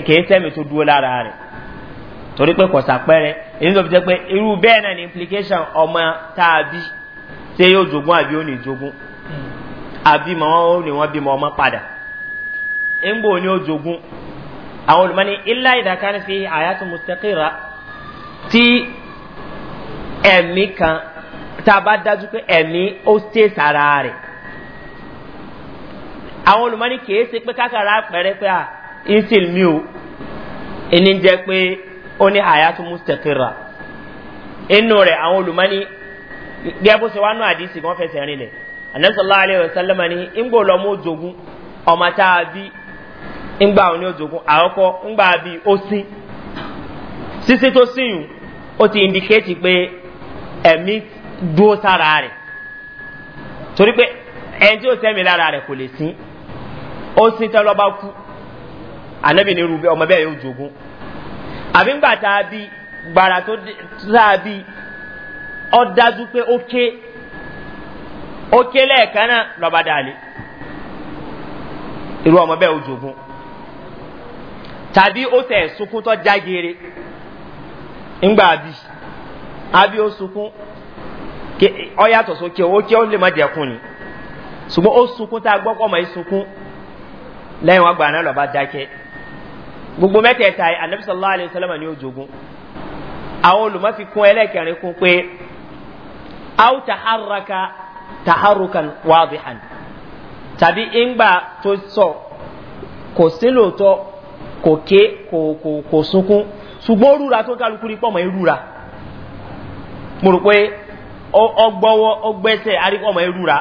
kèé sẹ́mi tó dúró torí pé kọ̀sà pẹ́rẹ́ èyí tó fi jẹ́ pé irú bẹ́ẹ̀ náà ni implication ọmọ tàbí ṣé yóò jogún àbí ó ní jogún àbí mọ wọn ó ní wọn bímọ ọmọ padà ńgbò ní ó jogún àwọn olùmọ́ni ilá ìdákanì fi àyàtò mùsítẹ́kìrà tí ẹ̀mí kan tá a bá dájú pé ẹ̀mí ó ṣe sára rẹ̀ àwọn olùmọ́ni kìí ṣe pé kákàrà pẹ̀rẹ́ à ń ṣèlú mi ò ẹni jẹ́ pé. oni hayatu mustaqira inu re awon lumani bi abu se wanu hadisi kon fe se rin le anan sallallahu alaihi wasallam ni in go lo mo jogun o ma bi in gba ojogun o jogun bi o sin sisi to sin o ti indicate pe emi duo sara re tori pe en ti o se mi lara re ko le o sin te lo ku anabi ni rubi o ma àbí ńgbà tá a bí gbàrà tó tá a bí ọ dájú pé ó ké ó ké lẹ́ẹ̀kan náà lọ́ba dàlẹ́ irú ọmọ bẹ́ẹ̀ ó jogun tàbí ó tẹ̀ sunkún tó jágeere ńgbà bí ó sunkún ọ yàtọ̀ sókè ó ké ó lè má dẹkùn ni ṣùgbọ́n ó sunkún tá a gbọ́ pọ̀ mọ́ ẹ gbogbo mẹ́tẹ̀ẹ̀ta yìí anabi sallallahu alayhi wa sallam ni ó jogun àwọn olùmọ̀fi kún ẹlẹ́kẹrin kún pé aw taharaka taharukan wadihan tàbí ìgbà tó sọ kò sí kò ké kò kò kò sunkún ṣùgbọ́n rúra tó kálukú rí pọ̀ mọ́ irúra mo rò pé ọgbọ́wọ́ ọgbẹ́sẹ̀ arípọ̀ mọ́ irúra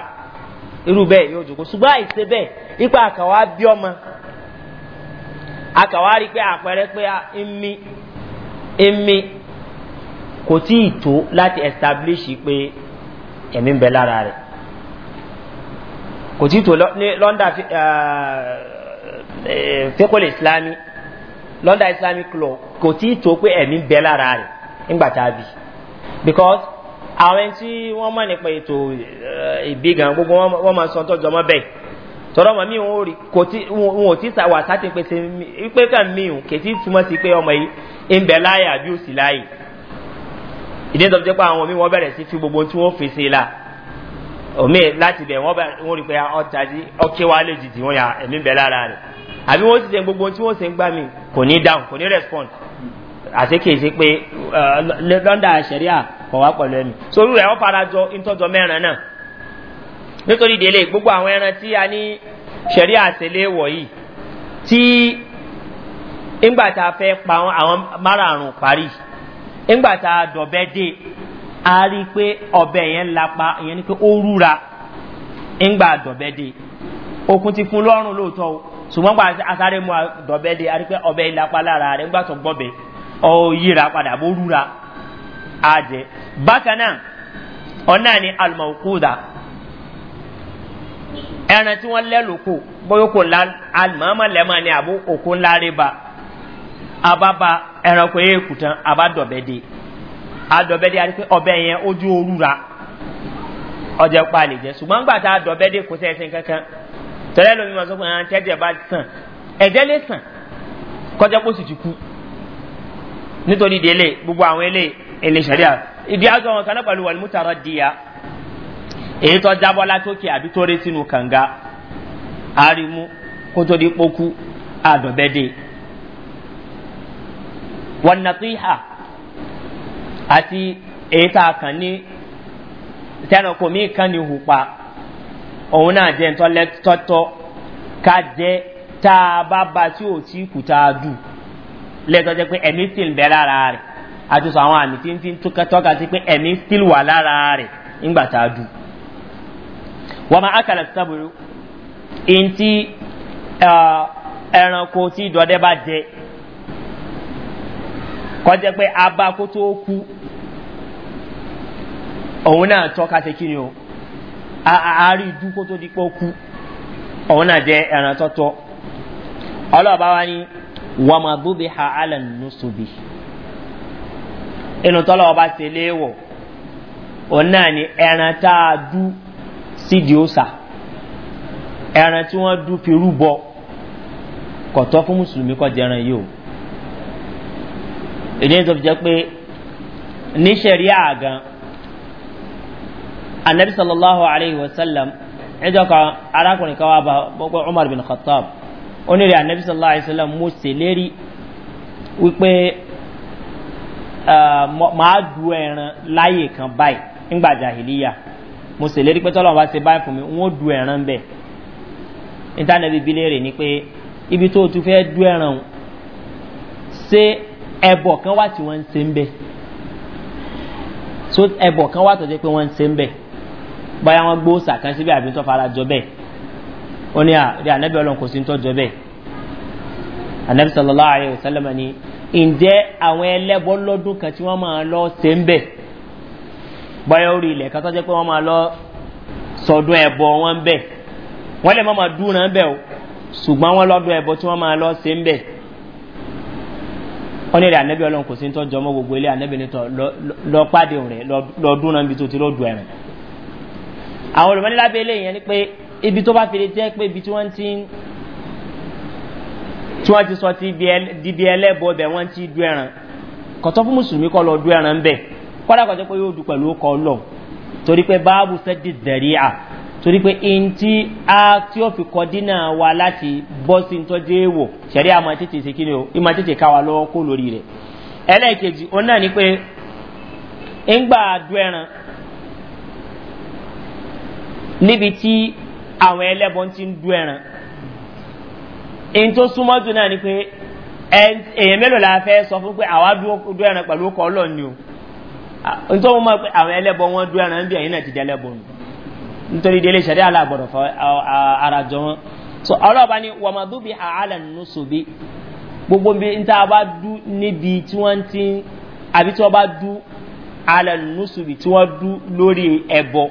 irú bẹ́ẹ̀ yóò jogun ṣùgbọ́n àìsè bẹ́ẹ̀ ipa àkàwá bí ọmọ Akawari pé àpẹẹrẹ pé imi imi kò tí ì tó láti establish pé ẹ̀mí ń bẹ lára rẹ̀ kò tí ì tó lọ́ndà eh, eh, fíkọ́lì islami lọ́ndà islamic law kò tí ì tó pé ẹ̀mí bẹ lára rẹ̀ ńgbà tá because àwọn tí wọ́n mọ̀ nípa ètò eh, ìbí gan gbogbo wọ́n máa sọ tọ́jú bẹ́ẹ̀ tọ́rọ ọmọ mi wọn ò tí wà sátì pèsè pé kàn mí o kètí túmọ̀ sí pé ọmọ yìí ń bẹ̀ láàyè àbí òsì láàyè ìdí tó jẹ́ pé àwọn mi wọ́n bẹ̀rẹ̀ sí fi gbogbo tí wọ́n fèsì la omi láti bẹ̀ wọ́n rí pé ọ̀tá sí ọ̀kẹ́ wa lè jìjì wọ́n ya ẹ̀mí bẹ̀ lára rẹ̀ àbí wọ́n ti sẹ́ gbogbo tí wọ́n sì gbà mí kò ní dáhùn kò ní respond àti kì í sí pé lọ́ndà àṣẹríà kọ̀ wá pẹ̀lú ẹ̀mí sórú rẹ̀ wọ́n fara jọ ìtọ́jọ mẹ́rin náà nítorí délé gbogbo àwọn ẹran tí a ní sẹ̀rí àṣẹlẹ̀ wọ̀ tí ńgbà fẹ́ pa àwọn márààrún parí ńgbà dọ̀bẹ́ dé a rí i pé ọbẹ̀ yẹn lapa ìyẹn ni pé okun ti fún lọ́rùn lóòótọ́ o ṣùgbọ́n gba asáré mu dọ̀bẹ́ dé a rí i pé ọbẹ̀ yẹn lapa lára rẹ̀ ńgbà tó gbọ́bẹ̀ ọ yíra padà bó a jẹ bákan náà ni ẹran tí wọ́n lẹ́ lóko bóyókò la alimọ́mọ́ lẹ́mọ́ ni àbó òkú ńlá rí ba ababa ẹranko yẹ kù tán aba dọ̀bẹ́ de adọ̀bẹ́ de adigun ọbẹ̀ yẹn ojú ooru ra ọjà pa lè jẹ ṣùgbọ́n gbà tá a dọ̀bẹ́ de kò sẹ́sìn kankan tọ́lẹ́ lomi ma sọ fún yàrá tẹ́jẹ̀ bá sàn ẹ̀jẹ̀ lè sàn kọjá kó sì ti kú nítorí délé gbogbo àwọn eléyìí eléyìí sàríà ìdí àgọ́ wọn kan náà pẹ̀lú wàlúmùtàrà díya. èyí tó jábọ́ látókè sínú kànga arimu kpoku àdọ̀bẹ́dẹ́ wọn ha àti èyí tá a kàn mí kan ní hùpa òun náà jẹ́ ntọ́lẹ́ tọ́tọ́ ká jẹ́ tá a bá ba tí ò tí a dù lẹ́tọ́ jẹ́ pé ẹ̀mí sì ń lára rẹ̀ àti sọ àwọn àmì tí ń fi tọ́ka sí pé ẹ̀mí sì wà lára rẹ̀ ńgbà tá wọ́n akala ákàlà inti ntí ẹranko tí ìdọ́dẹ́ bá jẹ kọjá pé abakó tó kú òun náà tọ́ka ṣe kí ni o àárí dúkó tó di pé ó kú òun náà jẹ ẹran tọ́tọ́ ọlọ́ọ̀bá wa ni wọ́n máa ha alẹ́ nínú inú tọ́lọ́ ọba ṣe léèwọ̀ òun náà ni ẹran tá a dú sídìí òòsà ẹran tí wọ́n dún fi rúbọ kọ̀tọ́ fún mùsùlùmí kọjá ẹran yìí o èdè ní sọfún jẹ pé ní sẹ̀ríà àgàn anabi sallallahu alayhi wa sallam ẹjọ́ kan arákùnrin kan wà bá bọ́kọ́ umar bin khattab onírè anabi sallallahu alayhi wa sallam mo ṣèlérí wípé màá du ẹran láyè kan báyìí ńgbà jahiliya mo sì lérí pé tọ́lọ́wọ́n bá ṣe báyìí fún mi n ó du ẹ̀ràn bẹ́ẹ̀ ìtànẹ́bí bí léèrè ni pé ibi tó o tún fẹ́ du ẹ̀ràn o ṣé ẹ̀bọ̀ kan wà tí wọ́n ń ṣe ń bẹ̀ so ẹ̀bọ̀ kan wà tó jẹ́ pé wọ́n ń ṣe ń bẹ̀ báyà wọ́n gbó sàkán síbi àbí tó fara jọ bẹ́ẹ̀ ó ní àdé ànábì ọlọ́run kò sí ń tọ́jọ bẹ́ẹ̀ ànábì sọlọ́lá àyẹ̀wò sálẹ̀mà ni ǹjẹ́ àwọn ẹlẹ́bọ lọ́dún kan tí wọ́n máa lọ ṣe ń bẹ̀ẹ́ báyọ̀ orí ilẹ̀ kan tó jẹ́ pé wọ́n máa lọ sọ̀dọ̀ ẹ̀bọ wọn ń bẹ̀ wọ́n lè má máa dúnra ń bẹ̀ o ṣùgbọ́n wọ́n lọ́dọ̀ ẹ̀bọ tí wọ́n máa lọ ṣe ń bẹ̀ wọ́n ní rẹ̀ ànẹ́bí ọlọ́run kò sí ń tọ́jú ọmọ gbogbo ilé ànẹ́bí nítọ́ lọ pàdé rẹ̀ lọ dúnra níbi tó ti lọ́dọ̀ ẹ̀rìn àwọn olùmọ́nilábẹ́ ilé yẹn ni pé ibi tó bá fi lè jẹ́ pé ibi tí wọ́n ti sọ ti kọ́dà kọjá pé yóò dù pẹ̀lú ọkọ̀ torí pé báàbù sẹ́dí dẹ̀ríà torí pé in ti a tí ó fi kọ́ dínà wa láti bọ́ sí ń tọ́jú èèwò ṣẹ̀rí àmọ́ tètè o ìmọ̀ tètè ká wa lọ́wọ́ kó lórí rẹ̀ ẹlẹ́ẹ̀kejì òun náà ni pé du ẹran níbi tí àwọn ẹlẹ́bọn ti ń du ẹran in tó súnmọ́ náà ni pé èèyàn mélòó la fẹ́ sọ fún pé àwa dúró ẹran o. nítorí wọn máa pé àwọn ẹlẹ́bọ wọn dúró ẹran bí ẹ̀yin náà ti dẹ́lẹ́bọ nù nítorí délé ṣẹ̀dá aláàgbọ̀dọ̀ fọ ara jọ wọn so ọlọ́ọ̀bá ni wàmàdúbi àhálà nínú sòbí gbogbo bí n ta bá dú níbi tí wọ́n ti àbí tí wọ́n bá dú àhálà nínú sòbí tí wọ́n dú lórí ẹ̀bọ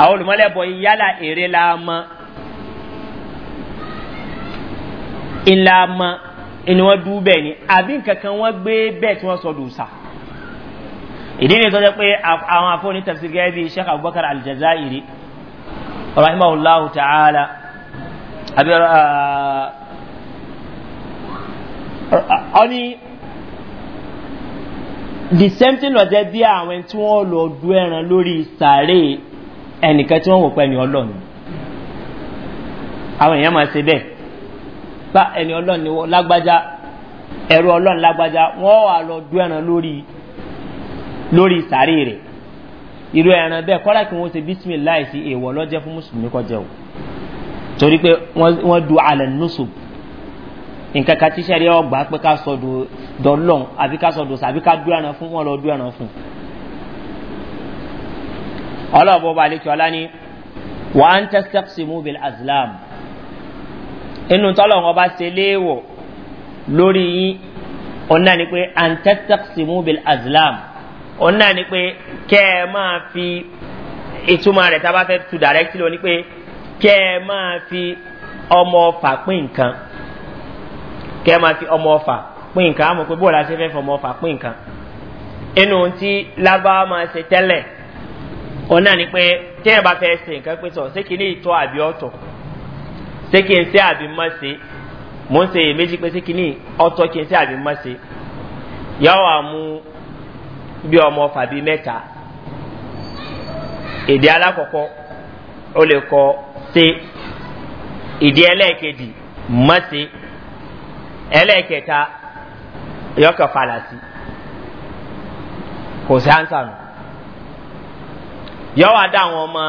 àwọn olùmọ́lẹ́bọ yálà èrè la mọ́ ńlá mọ́ ni wọ́n dú bẹ́ẹ̀ ni àbí nǹkan wọ́n gbé bẹ́ẹ̀ tí wọ́n sọ dùn sáà ìdí ni tọ́jọ́ pé àwọn afọ́ni tafsir gẹ́gẹ́ bíi sheikh abubakar aljazairi rahimahullahu ta'ala abiyar uh, ọni the same thing lọ jẹ́ bí àwọn tí wọ́n lọ du ẹran lórí sàárè ẹnìkan tí wọ́n wò pẹ́ ni ọlọ́ni àwọn èèyàn máa ṣe bẹ́ẹ̀ bá ẹni ọlọ́ni lágbájá ẹ̀rọ ọlọ́ni lágbájá wọ́n wà lọ du ẹran lórí sàárè lórí sàárè rẹ̀ irú ẹran bẹ́ẹ̀ kọ́lá kí wọ́n ṣe bísímìláì sí èèwọ̀ lọ́jẹ́ fún mùsùlùmí kọjá o torí pé wọ́n du alẹ́ nùsùp nǹkan kan tíṣẹ́ rí ọgbà pé ká sọ̀dọ̀ dọ́lọ́n àbí ká sọ̀dọ̀ sàbí ká dú ẹran fún wọn lọ dú ẹran fún. ọlọ́ọ̀bọ̀ bá lè kí ọlá ní wà á ń tẹ́sítẹ́sì mú bil azlam inú tọ́lọ̀ wọn bá ṣe léèwọ̀ lórí yín ọ̀nà ni pé à ń tẹ́sítẹ́sì mú bil azlam òun náà ni pé kẹ́ ẹ máa fi ìtumọ̀ rẹ̀ tábà fẹ́ tu direct lọ ni pé kẹ́ ẹ máa fi ọmọ ọfà pín nǹkan kẹ́ ẹ máa fi ọmọ ọfà pín nǹkan àmọ̀ pé bóòlù àti fẹ́fẹ́ ọmọ ọfà pín nǹkan inú ti lábáwá máa ṣe tẹ́lẹ̀ òun náà ni pé tẹ́ ẹ bá fẹ́ ṣe nǹkan pé sọ ṣé kí ní ìtọ́ àbí ọ̀tọ̀ ṣé kí n ṣe àbí má ṣe mò ń ṣe èméjì pé ṣé kí ní ọ̀tọ̀ kí n ṣe àbí má ṣe yàwó àmú bí ọmọ fàbí mẹ́ta èdè alákọ̀ọ́kọ́ ó lè kọ ṣe èdè ẹlẹ́ẹ̀kejì mọ́ ṣe ẹlẹ́ẹ̀kẹta yọkọ̀ falasi kò sí ansa nù yọ wá dá àwọn ọmọ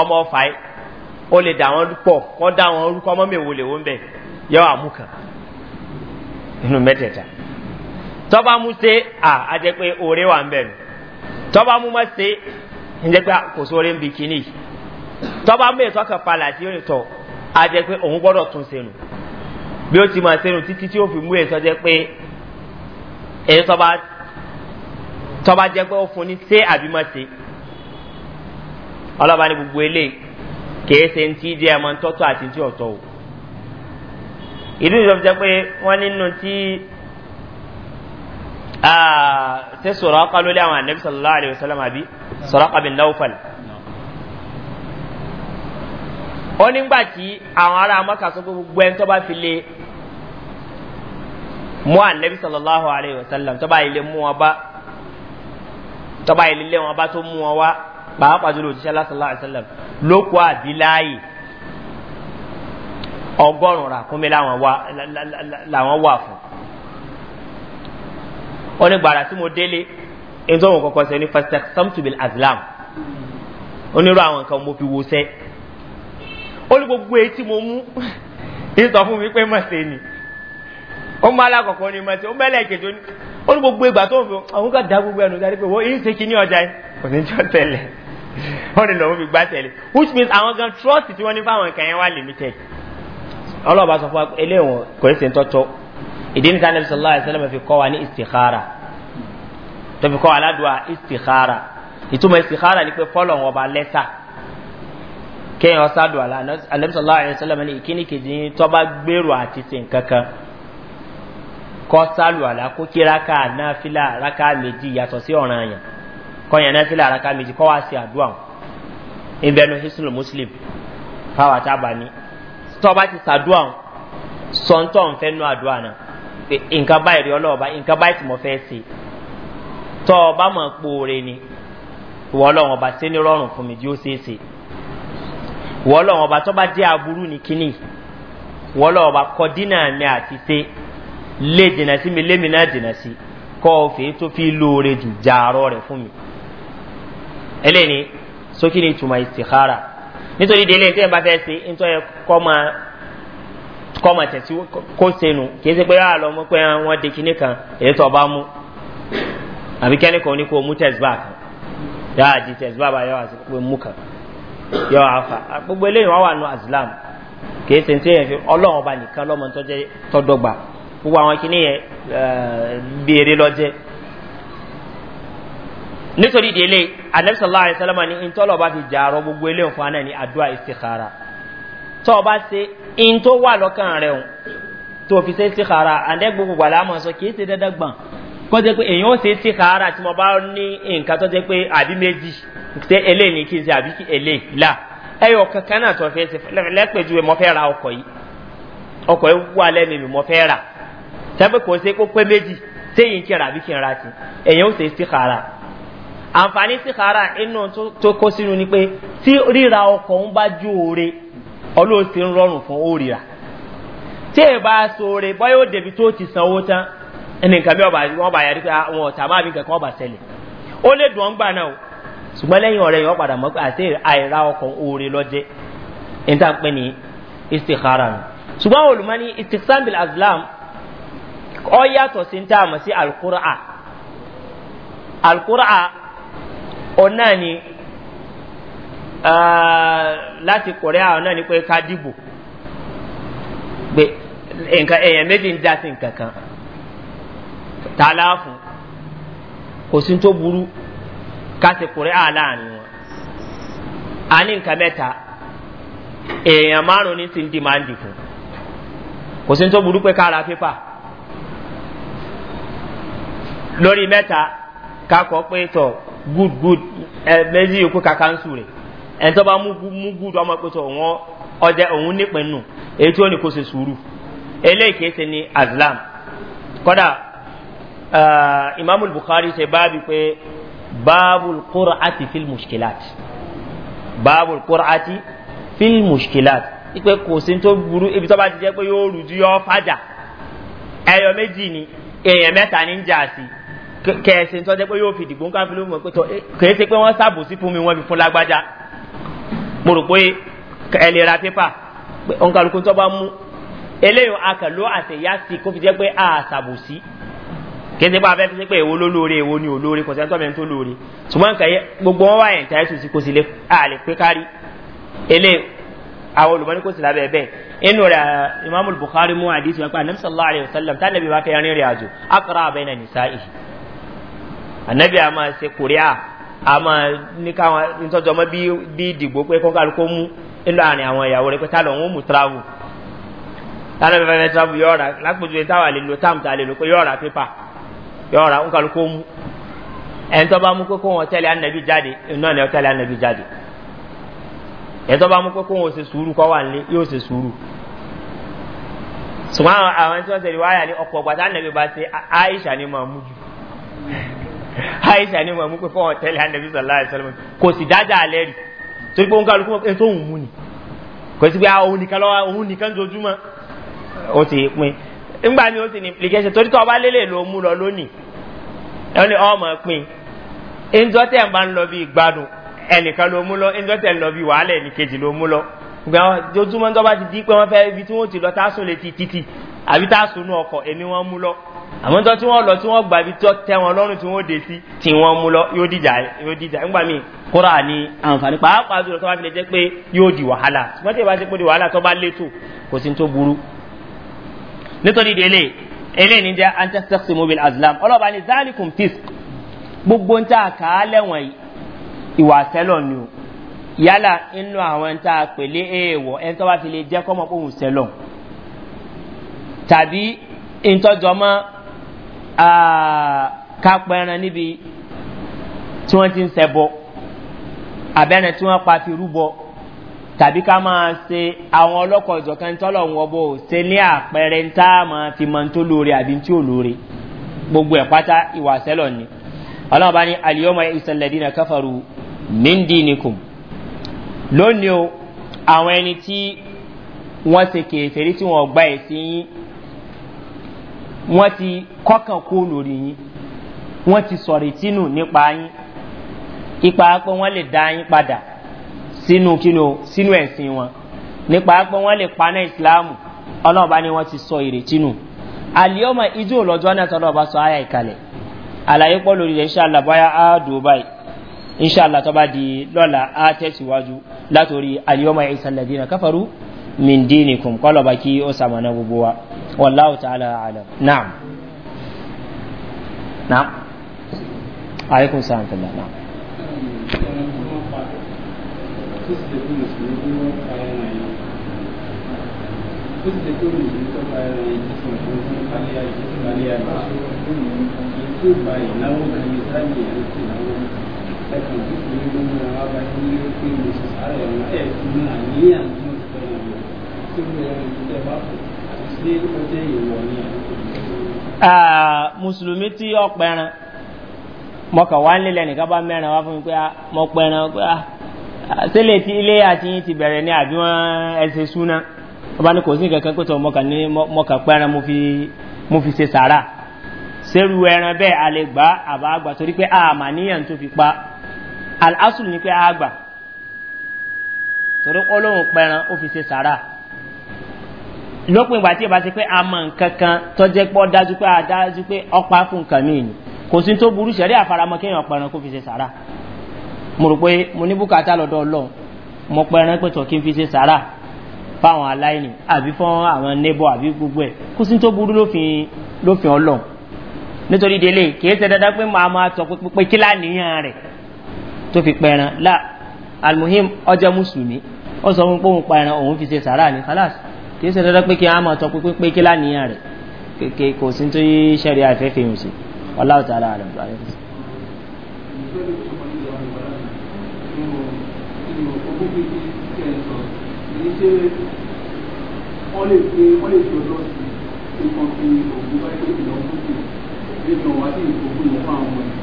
ọmọ ọfà yìí ó lè dà wọn pọ̀ kọ́ dá wọn orúkọ ọmọ mi wò lè wọ́n bẹ̀ yọ wá kan inú mẹ́tẹ̀ẹ̀ta tọ́ba mú se à á jẹ́ pé òòrè wà ń bẹ̀ nù tọ́ba mú má se ń jẹ́ pé kò sóore ń bi kíní tọ́ba mú ètò ọkàn falà tí ó tọ̀ á pé òun gbọ́dọ̀ tún se nù bí ó ti máa se nù títí tí ó fi mú ètò jẹ́ pé èyí tọ́ba tọ́ba jẹ́ pé ó fún ní sé àbí má se ọlọ́ba ní gbogbo eléyìí kìí ṣe ń tí jẹ́ ọmọ tọ́tọ́ àti tí ọ̀tọ̀ o ìdí ìjọba jẹ́ pé wọ́n nínú tí. Ah, ta suraka lole wa annabi sallallahu alaihi wasallam abi suraka bin laufal ó nígbà tí àwọn ará maka sọ pé gbogbo ẹni tó bá fi lé mú annabi sallallahu alaihi wasallam tó bá ilé mú wọn bá tó bá ilé wọn bá tó mú wọn wá pàápàá jùlọ òjíṣẹ́ sallallahu alaihi wasallam ló kó àbíláyè ọgọ́rùn-ún rà kúnmi làwọn wà fún ó ní gbàrà tí mo délé nítorí àwọn kọ̀ọ̀kan sẹ́ni fásitì samtubil azlam onírú àwọn nǹkan mo fi wo sẹ́ ó ní gbogbo etí mo mú ìtọ̀ fún mi pé mọ̀sẹ̀ ni ó mú alákọ̀ọ́kọ́ ni mọ̀sẹ̀ ó mẹ́lẹ̀ kejì ó ní gbogbo ìgbà tó fi àwọn kan dá gbogbo ẹnu sáré pé wọ́n yìí ń ṣe kíní ọjà yìí kò ní jọ tẹ́lẹ̀ wọ́n ní fi gbá tẹ́lẹ̀ which means àwọn gan trust tí wọ́n ní fáwọn nǹkan yẹn wá limited ọlọ́ọ̀bá sọ fún wa eléwọ̀n kò ń ṣe ìdí nìkan anabi sallallahu alayhi wa sallam fi kọ́ ni istikhara tó fi kọ́ wa istikhara ìtumọ̀ istikhara ni pé fọlọ̀ wọn ba lẹ́tà kéèyàn sádùn àlà anabi sallallahu alayhi wa sallam ní ìkíni kejì ní tọ́ba gbèrò àti sìn kankan kọ́ sálù àlà kó kí raka náfìlà raka méjì yàtọ̀ sí ọ̀ràn àyàn kọ́ yẹn náfìlà raka méjì kọ́ wá sí àdúrà wọn ìbẹ̀nu hisul muslim fáwọn àtàbà ni tọ́ba ti sàdúrà sọ̀ńtọ̀ ń fẹ́ nú àdúrà náà pé nǹkan báyìí rí ọlọ́ọ̀bá nǹkan báyìí tí mo fẹ́ ṣe tọ́ ọ bá mọ̀ pé ni ìwọ ọlọ́wọ́n ọba ṣe ní rọrùn fún mi bí ó ṣeé ṣe ìwọ ọlọ́wọ́n ọba tó bá jẹ́ aburú ní kínní mi àti mi lémi náà jìnà sí fi lóore jù jaarọ́ rẹ̀ fún mi eléyìí ni sókè ní ìtumọ̀ ìsìkára nítorí délé tí ẹ bá fẹ́ ṣe ń tọ́ kọ́ máa kọ́mà tẹ̀sí kó senu kìí ṣe pé yàrá ah, lọ mọ́ pé wọ́n de kíní kan èyí tó bá mú àbí kẹ́ni kan ní kó mú tẹ̀síbà kan yàrá di tẹ̀síbà bá yọ àti pé mú kan yọ àfà gbogbo eléyìí wọ́n wà nù asilam kìí ṣe ṣe yẹn fi ọlọ́run ọba nìkan lọ́mọ tọ́jẹ́ tọ́dọ́gba gbogbo àwọn kíní yẹn eh, bí eré lọ́jẹ́ nítorí ìdílé anabi sallallahu alayhi wa sallam ni ntọ́lọ́ bá fi jàrọ gbogbo eléyìí fún anáà ní adúlá istikhara tọ́ ọba ṣe in tó wà lọ́kàn rẹ̀ o tó fi ṣe síkàrà àndẹ́ gbogbo wà láàmú sọ kìí ṣe dandan gbọ̀n kó jẹ́ pé èyàn ó ṣe síkàrà tí mo bá ní nǹkan tó jẹ́ pé àbí méjì ṣe eléyìí ní kí n ṣe àbí eléyìí là ẹyọ kankan náà tó fẹ́ ṣe lẹ́pẹ̀jú mo fẹ́ ra ọkọ̀ yìí ọkọ̀ yìí wà lẹ́nu mi mo fẹ́ rà kò ṣe kó pé méjì téyìn kí n ra àbí kí n ra ti èyàn ó ṣe síkàrà àǹfààní síkàrà inú tó kó sínú ni pé tí ríra ọkọ̀ ń bá ju òre ọlọ́run ti ń rọrùn fún òrìrà tí ẹ bá sóore bọ́yá ó débi tó ti sanwó tán ẹnì nǹkan bí wọ́n bá yàrá pé àwọn ah, ọ̀tá máa bí kankan ọba tẹ̀lé ó lè dùn ọ́n gbà náà o ṣùgbọ́n lẹ́yìn ọ̀rẹ́ yìí wọ́n padà mọ́ pé àti àìra ọkọ̀ òòrè lọ́jẹ́ ní tá à ń pè ní istikhara nù ṣùgbọ́n olùmọ́ni istiksambil azlam ọ yàtọ̀ sí ń tá sí alukura alukura ọ̀ náà ni. Uh, láti kọ̀rẹ́ àwọn náà ni pé ká dìbò pé nǹkan èèyàn méjì ń dá sí nǹkan kan tá a láàfún kò sí tó burú ká sì kọ̀rẹ́ àláàrin wọn a ní nǹkan mẹ́ta èèyàn márùn-ún ní ti ń dìmáǹdì fún kò sí tó burú pé ká ra pépà lórí mẹ́ta kakọ̀ pé tọ̀ good good ẹ méjì yòókù kakansu rẹ̀ ẹni tó bá mú gúdù ọmọ pé tó wọn ọdẹ òun nípìn nù èyí tí ó ní kó ṣe sùúrù eléyìí kìí ní azlam kọ́dà imaamu bukhari ṣe báàbí pé báàbù kúrọ̀átì fíl muskilat báàbù kúrọ̀átì fíl muskilat ipe kò sí tó burú ibi tó bá ti jẹ́ pé yóò rùjú yọ fàjà ẹyọ méjì ni èèyàn mẹ́ta ní ń jà sí kẹ̀sìn tó jẹ́ pé yóò fi dìgbò ń káfíńlú mọ̀ pé tó kèé pé wọ́n sábòsí fún mi wọ́n fi fún lágbájá mo rò pé ẹ lè ra pépà ònkàlùkù tó bá mú eléyìí akàló àtẹ̀yà sí kó fi jẹ́ pé a ṣàbòsí kéde bá a fẹ́ fi ṣe pé èwo ló lóore èwo ni ò lóore kò sẹ́ńtọ́ mẹ́rin tó lóore ṣùgbọ́n nǹkan yẹ gbogbo wọn wà ẹ̀ tẹ́ ẹ̀sùn sí kó sì lè a lè pé kárí eléyìí àwọn olùmọ́ni kò sì lábẹ́ bẹ́ẹ̀ inú rẹ̀ imaamu buhari mú àdìsí wọn pé anabi sallallahu alayhi wa sallam tá anabi bá fẹ́ rìnrìn àjò akara abẹ́ na nìsa yìí anabi a máa ṣe kòríà a máa ní káwọn nítọ́jọ́ mọ́ bí ìdìgbò pé kọ́kàlù kó mú nílò àárín àwọn ìyàwó rẹ pé tá lọ́wọ́ mú travel tánà bẹ́ẹ̀ fẹ́ẹ́ travel yọ̀ ọ̀rà lápòjú ẹ̀ táwà lè lo táàmù tá a lè lo pé yọ̀ ọ̀rà pépà yọ̀ ọ̀rà nkàlù kó mú ẹni tó bá mú pé kó wọn tẹ́lẹ̀ anabi jáde iná ni aisha ni wọn mú pé fọwọn tẹlẹ anabi sallallahu alayhi wa sallam kò sì dájà alẹ rí torí pé òun kálukú ẹ tó ń mú ni kò sí pé ah, òun nìkan lọ o nìkan jojúmọ ó ti pin ńgbà mi ó ti ní implication torí tí ọba lélẹ̀ ló mú lọ lónìí ẹ ní ọmọ pin ńjọ tẹ̀ ń bá ń lọ bí gbádùn ẹnìkan ló mú lọ ńjọ tẹ̀ ń lọ bí wàhálà ẹnìkejì ló mú lọ gbà jojúmọ ńjọba ti di pé wọn fẹ́ ibi tí wọn ti lọ tásùn létí títì àbí tá a sunú ọkọ̀ èmi wọ́n mú lọ àmọ́ tó tí wọ́n lọ tí wọ́n gba ibi tó tẹ́ wọn lọ́rùn tí wọ́n dé sí tí wọ́n mú lọ yóò dìjà yóò dìjà ńgbà míì kóra ní àǹfààní pàápàá jùlọ tó bá fi lè jẹ́ pé yóò di wàhálà ṣùgbọ́n tí ìbá ti pé di wàhálà tó bá létò kò sí tó burú. nítorí ìdílé eléyìí ní jẹ́ antiseptic mobile azlam ọlọ́ba ni zanikun fisk gbogbo ń tà ká lẹ́wọ̀n ìwà sẹ́lọ̀ ni o yálà inú àwọn ń tà pèlé èèwọ̀ ẹ̀ tàbí ntọ́jọ́mọ́ kápẹ́ran níbi tí wọ́n ti ń sẹ́bọ̀ abẹ́rẹ́ tí wọ́n pa ti rúbọ tàbí ká máa ṣe àwọn ọlọ́kọ̀ ìjọ̀kan tọ́lọ̀ ń wọ́bọ̀ ṣe ní àpẹẹrẹ ń tá a máa fi máa ń tó lóore àbí tí ò lóore gbogbo ẹ̀ pátá ìwà sẹ́lọ̀ ni ọlọ́run bá ní àlìyọ́mọ ìsẹ̀lẹ̀dínà káfàrú níndínìkùn lónìí o àwọn ẹni tí wọ́n ṣe kèfèrí tí wọ́n gbá ẹ̀ sí yín wọ́n ti kọ́kàn kó lórí yín wọ́n ti sọ̀rọ̀ tínú nípa yín ipa pé wọ́n lè dá yín padà sínú kínú sínú ẹ̀sìn wọn nípa pé wọ́n lè paná ìsìláàmù ọlọ́ọ̀bá ni wọ́n ti sọ ìrètí nù àlìọ́mọ ijó lọ́jọ́ náà tọ́lọ́ọ̀bá sọ ayà ìkàlẹ̀ àlàyé pọ̀ lórí rẹ̀ ṣáàlà báyà á dùn báyìí inṣàlá tó bá di lọ́la á tẹ̀síwájú látòrí àlìọ́mọ ìsàlẹ̀ dínà káfàrú min dinikum kọlọba kí ó sàmànà gbogbo wa wàláwù tààlà àlàm naam naam àyíkú sàǹtàlà naam. Thank you. musulumi tí ó pẹran mọkàn wá nílé bá mẹ́rin wá fún mi pé ah, pé ah, tí ilé ti ní àbí wọ́n ẹsẹ̀ súná ọba ní kò sí kankan pé tó mọkàn ní mọkàn pẹran mo fi ṣe sàrà sẹ́rù a lè gbà àbá pa ni pé àgbà torí ó fi lópin ìgbà tí ìbá ti pé a mọ nǹkan kan tó jẹ́ pọ́ dájú pé a dájú pé ọ̀pá fún nǹkan míì ni kò sí tó burú sẹ̀rí àfaramọ́ kéèyàn pẹ̀ràn kó fi ṣe sàrà mo rò pé mo ní bùkátà lọ́dọ̀ ọlọ́run mo pẹ̀ràn pé tọ̀ kí n fi ṣe sàrà fáwọn aláìní àbí fún àwọn neighbor àbí gbogbo ẹ̀ kò sí tó burú lófin ọlọ́run nítorí délé kìí ṣe dandan pé màá máa tọ pé kí láníyàn rẹ̀ tó fi pẹ̀ràn lá almuhim ọjọ́ mùsùlùmí ó sọ fún pé òun pa ẹran òun fi ṣe sàrà ní kálásì kì í ṣe dandan pé kí a máa tọ́ pínpín pé kí lánìyàn rẹ̀ kéèké kò sí tó yí sẹ́rí àfẹ́fẹ́ yìí sí ọláwọ̀ tààrà rẹ̀ báyìí. wọ́n lè ṣe wọ́n lè ṣe ọjọ́ sí nǹkan fi òògùn báyìí pé ìlọ́kùn sí nínú wájú ìfòkùn yẹn fáwọn ọmọ yìí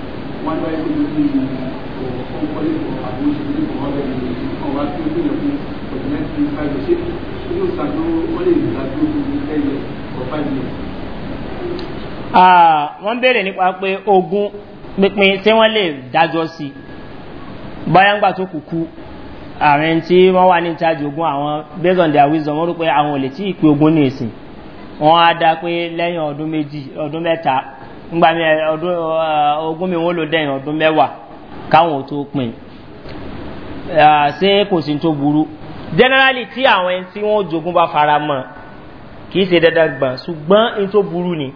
wọ́n bèèrè nípa pé ogún pínpín tí wọ́n lè dájọ́ sí báyángbà tó kùkú ààrẹ tí wọ́n wà ní ìtajà ogún àwọn based on their wisdom wọ́n rú pé àwọn olè tí ìpé ogún ní ìsìn wọ́n á dá pé lẹ́yìn ọdún méjì ọdún mẹ́ta ngba mi eh, ọdún eh, ogún mi wọn lò dẹ́yìn ọdún mẹ́wàá káwọn ò tó pin ah, ṣé kò sí tó burú generally tí àwọn ẹni tí wọn jogun bá fara mọ kì í ṣe dandan gbọ̀n ṣùgbọ́n ẹni tó burú ni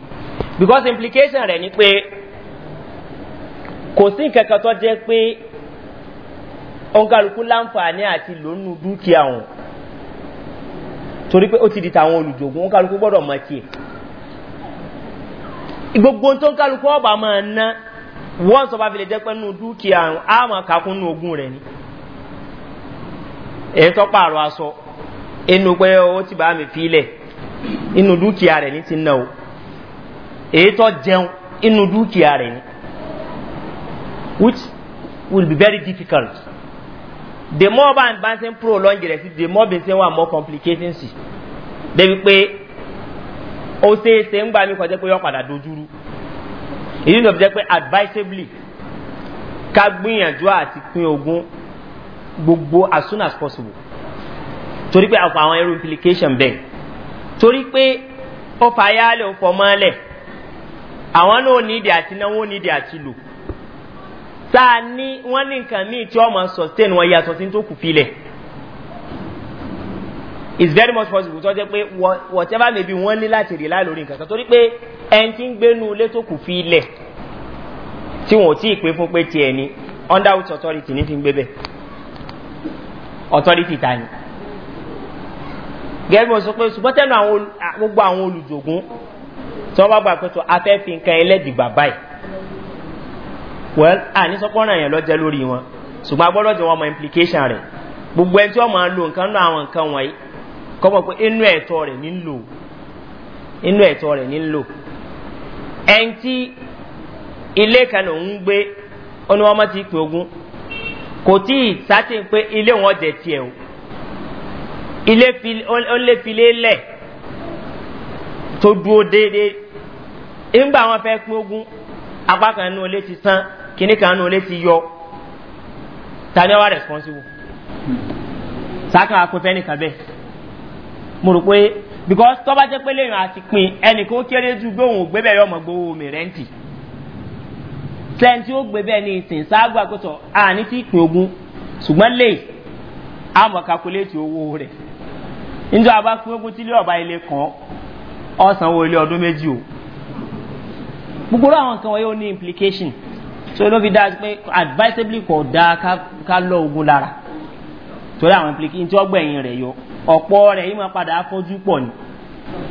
because implication rẹ̀ ni pé kò sí nǹkan kan tó jẹ́ pé ọ̀nkàlùkù láǹfààní àti lónú dúkìá wọn torí pé ó ti di tàwọn olùjogun ọ̀nkàlùkù gbọ́dọ̀ mọ̀ tiẹ̀ gbogbo tó ń kálukú ọba máa ná wọ́n sọ bá fi lè jẹ́ pẹ́ dúkìá àrùn á máa kakún nínú ogún rẹ̀ ni èyí tó pààrọ̀ aṣọ inú pé ó ti bá mi fílẹ̀ inú dúkìá rẹ̀ ní ti ná o èyí tó jẹun inú dúkìá rẹ̀ ni which will be very difficult the more bá ń bá ń sẹ́ ń pro lọ́njẹ̀rẹ̀ sí the more bí ń sẹ́ wà more complicating sí débi pé ó ṣeéṣe ń gbà mí kọjá pé yọ padà dojúrú èyí ló fi jẹ́ pé advisably ká gbìyànjú àti pín ogún gbogbo as soon as possible torí pé àwọn àwọn irú implication bẹ́ẹ̀ torí pé ó fàyàlẹ̀ ó fọmọ́lẹ̀ àwọn náà nídìí àti náà wọ́n nídìí àti lò tá a ní wọ́n ní nǹkan míì tí wọ́n máa sustain wọn yàtọ̀ sí ní tó kù filẹ̀ it's very much possible tó jẹ́ pé whatever may be wọ́n ní láti rí láì lórí nǹkan kan torí pé ẹni tí ń gbénu ilé tó kù fi ilẹ̀ tí wọn ò tí ì pé fún pé tiẹ̀ ni underwood authority ní fi ń gbé bẹ̀ authority ta ni gẹ́gẹ́ bí wọ́n sọ pé ṣùgbọ́n tẹ́nu àwọn gbogbo àwọn olùjògún tí wọ́n bá gbà pé tó afẹ́ ẹlẹ́dìgbà báyìí well àní sọ pé ọ̀ràn yẹn lọ́jẹ́ lórí wọn ṣùgbọ́n agbọ́dọ̀ jẹ́ wọn mọ implication rẹ̀ gbogbo ẹni tí wọ́n máa lo nǹkan náà àwọn nǹkan wọ̀nyí kọ́mọ̀ pé inú ẹ̀tọ́ rẹ̀ nílò inú ẹ̀tọ́ rẹ̀ nílò ẹn tí ilé kan òun gbé ó ní wọ́n mọ́ ti pè ogún kò tí ì sátì pé ilé wọn jẹ tiẹ̀ o ilé ó lé filé lẹ̀ tó dúró déédéé nígbà wọn fẹ́ pín ogún apá kan nínú ilé ti sán kíní kan nínú ilé ti yọ ta ni wọn wá responsible sákàn hmm. akpẹ́fẹ́ nìkan bẹ́ẹ̀ mo rò pé because tó bá jẹ́ pé léyìn àti pin ẹnì kó kéré ju gbóhùn gbé bẹ́ẹ̀ yọ ọmọ gbowó mi rẹ́ǹtì sẹ́ńtì ó gbé bẹ́ẹ̀ ní ìsìn ṣáájú àkótọ́ àní tí ìpín ogun ṣùgbọ́n lè àmọ̀ kakuléètì owó rẹ̀ níjọ́ àbá pín ogun tí ilé ọ̀bá ilé kan ọ̀sán owó ilé ọdún méjì o gbogbo àwọn nǹkan wọ̀nyí ó ní implication so ló fi dáa sí pé advisably kò dáa ká lọ ogun lára torí àwọn implication tí wọ́n gbẹ̀yìn rẹ̀ yọ ọ̀pọ̀ rẹ̀ yìí máa padà fọ́jú pọ̀ ni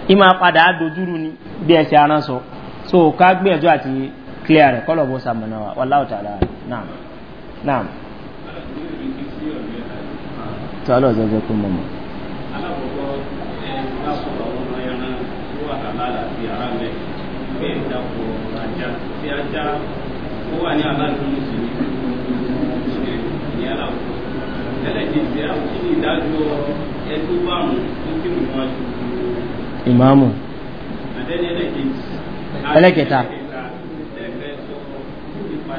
yìí máa padà dojúrú ni bí ẹsẹ̀ aránsọ so ká gbìyànjú àti clear rẹ̀ kọ́lọ̀ bó sàmùnà wa wà láwùjọ àlá rẹ̀ náà náà ẹtú báwọn tó kí wọn wá ju. ìmáàmù. àtẹ́ni ẹlẹ́kẹ̀jì. ẹlẹ́kẹta. ẹlẹ́kẹ̀ sọ nípa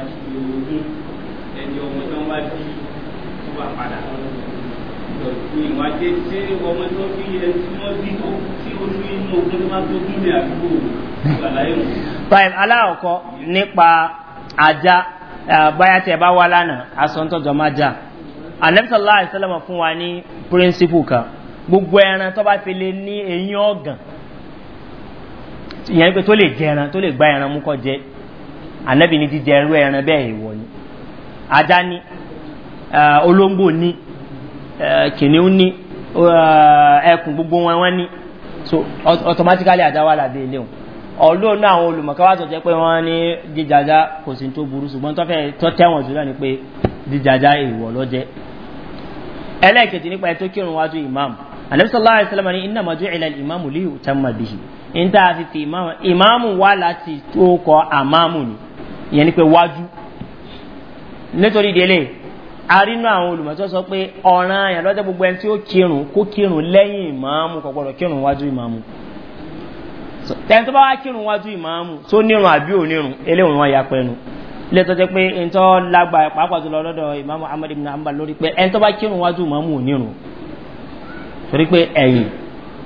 báyìí aláwọ̀ nípa ajá báyà tí ẹ bá wà lánàá asọ́ntọ́jọ́ máa já anabisalla àìsàlámà fún wa ní píríncípù kan gbogbo ẹran tó bá fi lè ní eyín ọ̀gàn ìyẹn pé tó lè jẹ ẹran tó lè gba ẹran mú kọ jẹ anabi ni jíjẹ ẹrú ẹran bẹ́ẹ̀ ìwọ ni ajá ni eh, olóńgbò ni eh, kìnìún ni eh, ẹkùn gbogbo wọn wọn ni so automatically ajá wà lábẹ́ ilé wọn ọlọ́run náà àwọn olùmọ̀káwá tó jẹ́ pé wọ́n ní jíjàjá kò sí tó burú ṣùgbọ́n tó tẹ̀wọ̀n jùlọ ni pé jíjàjá ìwọ̀ lọ́jẹ́ ẹlẹ́ẹ̀kejì nípa ẹ̀ tó kírun wájú ìmáàmù àlẹ́bísọ̀lá àìsílámà ní iná màjú ìlà ìmáàmù lè tẹ́ mọ̀ bí i ní tá a fi fi ìmáàmù ìmáàmù wá láti tó kọ àmáàmù ni ìyẹn ni pé wájú nítorí délé arínú àwọn olùmọ̀tọ́ sọ pé ọ̀ràn àyàn lọ́jọ́ gbogbo ẹni tí ó kírun kó kírun lẹ́yìn ìmáàmù kò kírun wájú ìmáàmù tẹ́ni tó bá wá kírun wájú ìmáàmù tó nírun àbí ònírun eléwọ̀n wọn yà pẹ́nu leta tó pé ntọ́ lágbà pàápàá jùlọ lọ́dọ̀ imam ibn hanbal lórí pé ẹni tó bá kírun wájú mọ́mú nírun torí pé ẹ̀yìn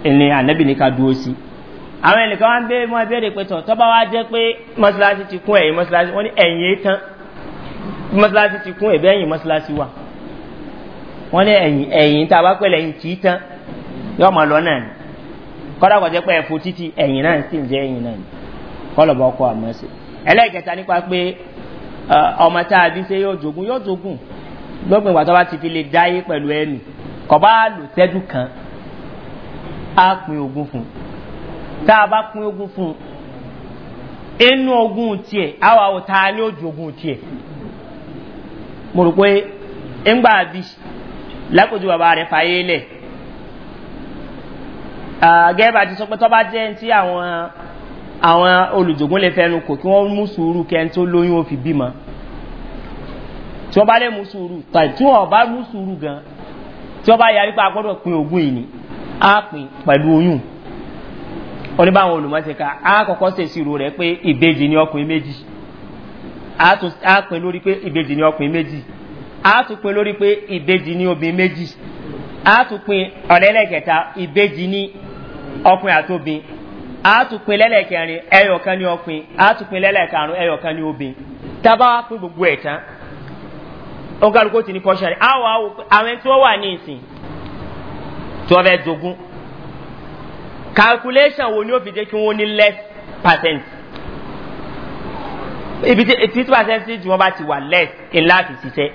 ìní ànábì ní ká dúró sí àwọn ẹnìkan bẹ́ẹ̀ tọ̀ wa jẹ́ pé ti kún ẹ̀yìn wọ́n ní ẹ̀yìn tán kún ẹ̀bẹ́ ẹ̀yìn wa wọ́n ní ẹ̀yìn ẹ̀yìn tá a bá pẹ̀lẹ̀ ẹ̀yìn kì í tán yọ mọ̀ ni kọ́dà kò jẹ́ pé ẹ̀fọ́ títí ẹ̀yìn náà jẹ́ ọmọ tá a bí ṣe yóò jogun yóò jogun lópin ìgbà tó bá ti fi lè dáyé pẹ̀lú ẹ̀mí kọ́ bá lò tẹ́jú kan á pin ogun fún un tá a bá pin ogun fún un inú ogun tiẹ̀ àwa ò ta ni ó jogun tiẹ̀ mo rò pé ńgbà bí lákòjú bàbá rẹ̀ fàyè lẹ̀ gẹ́gẹ́ bá ti sọ pé tó bá jẹ́ ti àwọn àwọn olùjògún lè fẹnu kò kí wọ́n mú sùúrù kẹ́ni tó lóyún ó fi bímọ tí wọ́n bá lè mú sùúrù tàbí tí wọ́n bá mú sùúrù gan tí wọ́n bá yarí pé a gbọ́dọ̀ pin ogún yìí ni á pin pẹ̀lú oyún oníbàwọn olùmọ̀sẹ̀ka á kọ́kọ́ ṣèṣirò rẹ̀ pé ìbejì ni ọkùnrin méjì á pin lórí pé ìbejì ni ọkùnrin méjì á tún pin lórí pé ìbejì ni obìnrin méjì á tún pin ọ̀rẹ́lẹ̀kẹta ìbejì ni ọkùnrin àtòbin àtùpin lẹ́lẹ̀kẹrin ẹyọ̀kan ní ọkùnrin àtùpin lẹ́lẹ̀karùn ẹyọ̀kan ní obìn tábà pín gbogbo ẹ̀ tán ọgálùkó ti ní pọ́ṣẹ́ rẹ̀ àwọn tí wọ́n wà ní ìsìn tí wọ́n fẹ́ dogun calculation wo ni ó fi dé kí wọ́n ní less percent ibi tí fifty percent sí ju wọn bá ti wà less ńlá àti ṣiṣẹ́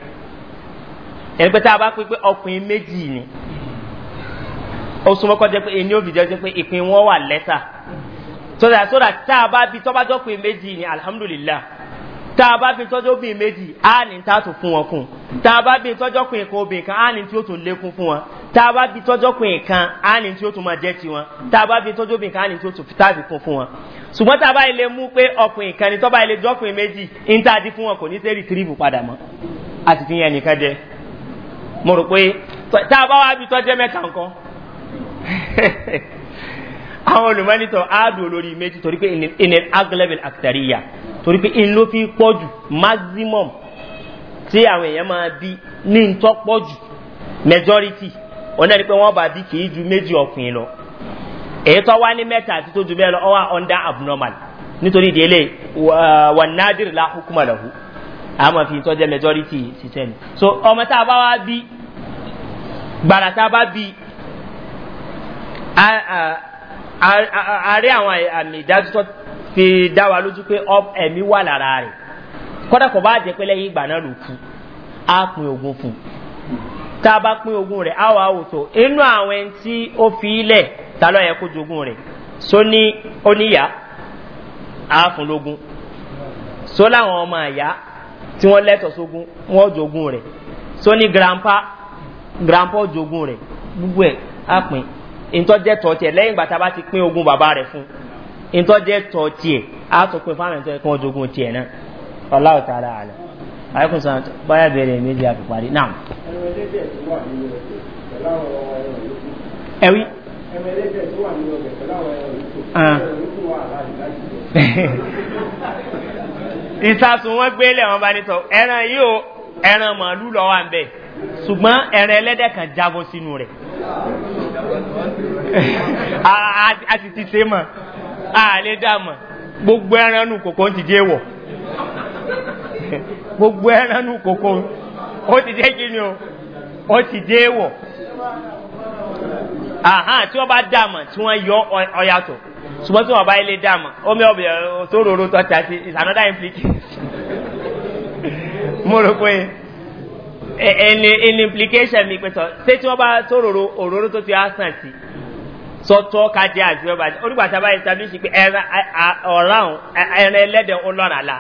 ẹni pé tá a bá pín pé ọkùnrin méjì ni ó súnmọ́ kọ́ jẹ́ pé ẹni òbí jẹ́ pé ìpín wọn wà lẹ́tà sọ́dà sọ́dà tá a bá bí tọ́bájọ́ pé méjì ni alihamudulilayi tá a bá bí tọ́jọ́ bí méjì á ní tá a tún fún wọn kún tá a bá bí tọ́jọ́ pé nǹkan obìnrin kan á ní tí ó tún lékún fún wọn tá a bá bí tọ́jọ́ pé nǹkan á ní tí ó tún máa jẹ́ tiwọn tá a bá bí tọ́jọ́ bí nǹkan á ní tí ó tún tá a fi kún fún wọn ṣùgbọ́n tá a bá ilé mú pé ọkùnrin kan ní sẹ́rí àwọn olùmọ́nitọ̀ áàdù olórí méjì torí pé inel aglebel actaria torí pé in ló fi pọ̀jù maximum tí àwọn èèyàn máa bí ní ntọ́ pọ̀jù majority wọn náà ni pé wọ́n bá bí kì í ju méjì ọ̀pìn lọ èyí tó wá ní mẹ́ta àti tó ju bẹ́ẹ̀ lọ ọ wà under abnormal nítorí ìdílé wà nádìrì láhùkúmọ̀ lọ́hùn àmọ́ fi tọ́jẹ́ majority ṣiṣẹ́ ni so ọmọ tá a bá wá bí gbàrà tá a bá bí a rí àwọn àmì ìdájú tó fi dá lójú pé ẹ̀mí wà lára rẹ̀ kọ́dà kò bá jẹ́ pé lẹ́yìn ìgbà náà ló kú á pin ogun fún tá a bá pin ogun rẹ̀ á wà òtò inú àwọn ẹni tí ó fi ilẹ̀ ta ló yẹ kó jogun rẹ̀ só ní oníyà á fún lógún só láwọn ọmọ àyà tí wọ́n lẹ́tọ̀ sógun wọ́n jogun rẹ̀ só ní grandpa grandpa jogun rẹ̀ gbogbo ẹ̀ á pin ntọ́jẹ́ tọ́tì ẹ̀ lẹ́yìn gbàtà bá ti pín ogún bàbá rẹ̀ fún ntọ́jẹ́ tọ́tì ẹ̀ á tó pín fáwọn ẹ̀ńtọ́ ẹ̀kọ́ ọ̀dọ́gún tiẹ̀ náà ọláwọ̀ tààrà àlẹ́ àyẹ̀kùn sàn báyà bẹ̀rẹ̀ méjì àfi parí náà. ẹ̀wí. Ah. ìsàsùn wọn gbélé wọn bá ní tọ ẹran yìí o ẹran màálù lọ wà ń bẹ ṣùgbọ́n ẹran ẹlẹ́dẹ̀ kan jábọ́ sínú rẹ̀ a sì ti se mọ̀ a lè dá mọ̀ gbogbo ẹran nù kòkó ti jẹ́ wọ̀ gbogbo ẹran nù kòkó ó ti jẹ́ kí ni o ó ti jẹ́ wọ̀ àhán tí wọ́n bá dá mọ̀ tí wọ́n yọ ọyàtọ̀ ṣùgbọ́n tí wọ́n bá ilé dá mọ̀ omi ọ̀bẹ̀ tó rorò tọ́ta sí is another implication mo rò pé ẹni ẹni implication mi pẹ̀tọ̀ ṣé tí wọ́n bá tó òróró òróró tó ti á sàn sí sọ́tọ́ kájẹ àti ọba onígbàtà bá establish pé ọ̀ràn ẹran ẹlẹ́dẹ̀ ó lọ́ra la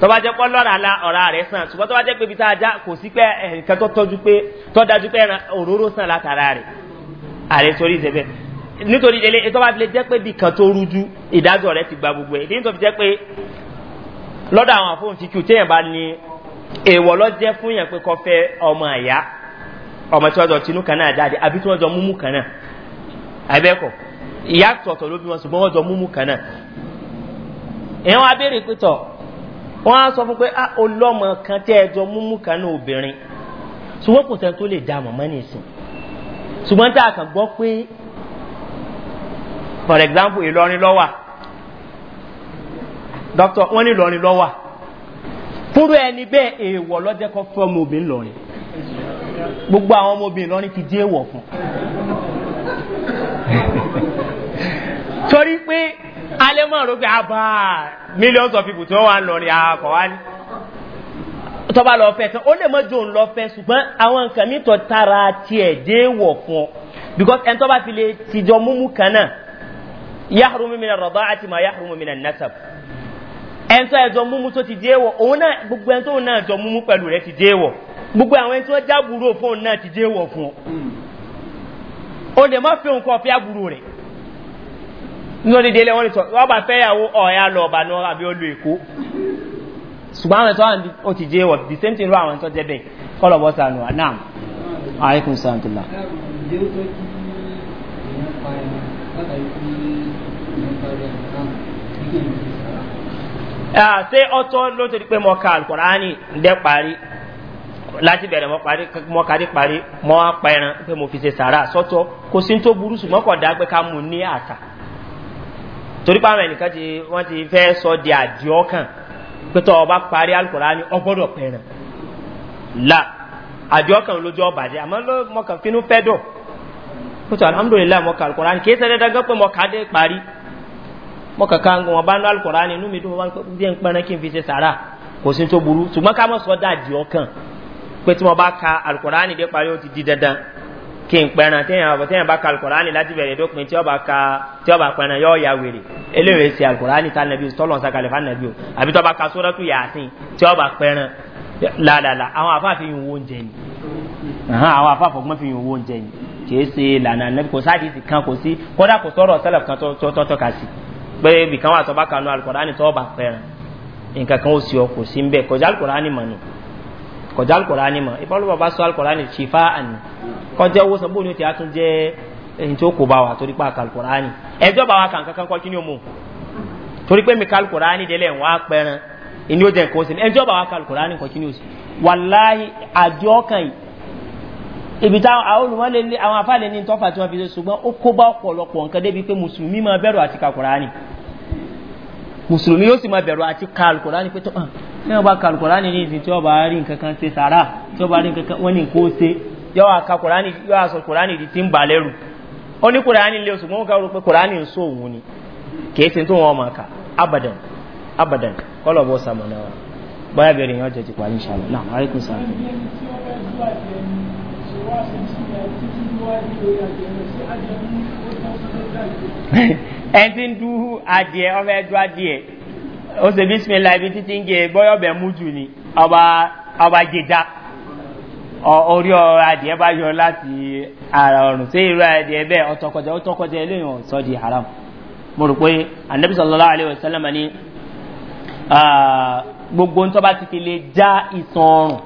tọ́ba jẹ́ pọ́ lọ́ra la ọ̀rá rẹ̀ sàn ṣùgbọ́n tọ́ba jẹ́ pé ibi tá a já kò sí pé nǹkan tó tọ́jú pé tọ́ dájú pé ẹran òróró sàn látara rẹ̀ àrẹ torí ìṣẹ̀bẹ̀ nítorí ilé tọ́ba fi lè jẹ́ pé bí kan tó rújú ìdájọ́ rẹ̀ ti gba gbogbo ẹ̀ nítorí jẹ́ pé lọ́dọ̀ àwọn àfọ̀nfikù téèyàn bá ní èèwọ̀ lọ jẹ́ fún yàn pé kọ́ fẹ́ ọmọ àyá ọmọ tí wọ́n jọ tinú kan náà jáde àbí tí wọ́n jọ múmú kan náà àbẹ́kọ̀ ìyá tọ̀tọ̀ ló bí wọn ṣùgbọ́n wọ́n jọ múmú kan náà èèyàn wá béèrè pé tọ̀ wọ́n á sọ fún pé á ah, olọ́mọ kan tẹ́ ẹ jọ múmú kan náà obìnrin ṣùgbọ́n kò sẹ́ni tó lè dá mọ̀mọ́ ní ìsìn ṣùgbọ́n tá a kàn gbọ́ pé for example ìlọrin lọ́wà dókítà wọ́n ní ìlọrin lọ́wà fúnrú ẹni bẹ́ẹ̀ èèwọ̀ lọ́jẹ́ kọ́ fẹ́ ọmọbìnrin lọ́rin gbogbo àwọn ọmọbìnrin lọ́rin ti dé èèwọ̀ fún torí pé alẹ́ mọ̀ rò pé àbá ah, millions of people tí wọ́n wà ń lọ́rin àkọ́ wá ní tọ́ba lọ fẹ́ tán ó lè mọ́jọ́ òun lọ fẹ́ ṣùgbọ́n àwọn nǹkan mi tọ́ tara tiẹ̀ dé wọ̀ fún ọ because ẹni tọ́ba fi lè tìjọ múmú kan náà yahrumu mi na rọ̀bá àti ma yahrumu mi na nasab ẹn tó ẹjọ múmú tó ti déwọ̀ òun náà gbogbo ẹn tó náà jọ múmú pẹ̀lú rẹ̀ ti déwọ̀ gbogbo àwọn ẹn tó jábúrò fóun náà ti déwọ̀ fún o lè má fẹ́ nǹkan ọ̀fẹ́ àbúrò rẹ̀ nítorí délé wọn lè sọ wọn bá fẹ́yàwó ọ̀ya lọ ọ̀bà náà àbí olú èkó ṣùgbọ́n the same thing ló àwọn ẹ̀tọ́ jẹ́ bẹ́ẹ̀ kọ́lọ̀ bọ́ sànù àná àríkùn sàǹtìlá Thank you. Ah, ṣé se ló torí pé mo ka alukur'ani ǹdẹ́ parí láti bẹ̀rẹ̀ mo parí mo kárí parí mo wá pa ẹran pé mo fi ṣe sàrà sọ́tọ́ kò sí tó burú sùn ká mú ní torí ẹnìkan ti ti sọ di àdìọ́kàn pé tọ́ ọba parí alukur'ani ọgbọ́dọ̀ pẹ̀ràn la lójú fínú alhamdulilayi kì í mọ́ kankan ń gbọ́n wọn bá ń lọ alukọ̀rá ni inú mi dùn wọn bá ń pẹ́ ń pẹ́rẹ́ kí n fi ṣe sàrà kò sí tó burú ṣùgbọ́n ká mọ̀ sọ dáàdì ọkàn pé tí wọ́n bá ka alukọ̀rá ni dé parí ó ti di dandan kí n pẹ́rẹ́ téèyàn bá téèyàn bá ka alukọ̀rá ni láti bẹ̀rẹ̀ dópin tí ọba ka tí ọba pẹ́rẹ́ yọ ya wèrè eléwèé ṣe alukọ̀rá ni tá nàbí tọ́lọ̀ ń sakalẹ̀ fún nàbí o àbí tọ́ba ka sóràtú yàtìn tí ọba pẹ́rẹ́ làlàlà àwọn pé ibìkan wà tó bá kanú alukọ̀dánì tó bá pẹ̀rẹ̀ nǹkan kan ó sì ọ kò sí ń bẹ̀ kọjá alukọ̀dánì mọ̀ ni kọjá alukọ̀dánì mọ̀ ìfọwọ́lọ́wọ́ bá sọ alukọ̀dánì ṣìfà àní kọjá owó sanbó ni ó ti á tún jẹ́ ẹni tó kò bá wà torí pa alukọ̀dánì ẹjọ́ bá wa kàn kankan kọ́ kí ni ó mú torí pé mi ká alukọ̀dánì délẹ̀ wọ́n á pẹ̀rẹ̀ ìní ó jẹ́ nǹkan ó sì ẹjọ́ bá wa kà alukọ̀dánì kọ́ kí ni sì wàláhì àjọ kan yìí ebita táwọn àwọn olùmọ̀lẹ́ lé àwọn afáàlẹ́ ní tọ́fà tí wọ́n fi ṣe ṣùgbọ́n ó kó bá ọ̀pọ̀lọpọ̀ nǹkan débi pé mùsùlùmí máa bẹ̀rù àti kakùránì mùsùlùmí yóò sì máa bẹ̀rù àti kakùránì pé tó hàn tí wọ́n bá kakùránì ní ìsìn tí wọ́n bá rí nǹkan kan ṣe sàrà tí wọ́n bá rí nǹkan kan wọ́n ní nǹkan ó ṣe yọ kakùránì yọ aṣọ kùránì ti ń bà lẹ́rù bẹ̀rẹ̀ ti parí ṣàlọ́ ẹtí ń du adìẹ ọbẹ du adìẹ ó ṣe bísímìlá ibi títí ń jẹ bọyọ bẹ mú jù ni ọba ọba jẹjà orí ọrọ adìẹ bá yọ láti ara ọrùn sí irú adìẹ bẹẹ ọtọkọjẹ ọtọkọjẹ eléyìí ọsọ di haram mo rò pé anabi sọlọlá alẹ wa sálẹmà ni gbogbo ntọ́ bá ti fi lè já ìsan ọrùn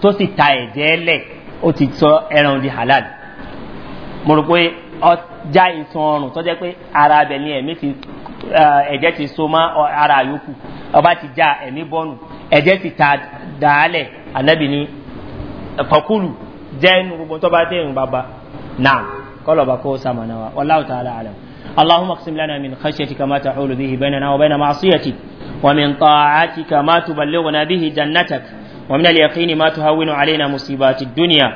tó sì ta ẹ̀jẹ̀ lẹ̀ ó ti sọ ẹran di halal mo rò pé ọjà ìsan ọrùn tó jẹ́ pé ara abẹ ni ẹ̀mí ti eh, ẹ̀jẹ̀ ti so mọ́ ara yòókù ọba ti já ẹ̀mí bọ́ọ̀nù ẹ̀jẹ̀ ti ta dàálẹ̀ ànábì ni fọkúlù jẹ́ inú gbogbo tó bá dé ìrùn bàbá náà kọ́lọ̀ bá kó sàmànà wa wàláwù tààlà àlàm. اللهم اقسم لنا من خشيتك ما تحول به بيننا وبين معصيتك ومن طاعتك ما تبلغنا به جنتك ومن اليقين ما تهون علينا مصيبات الدنيا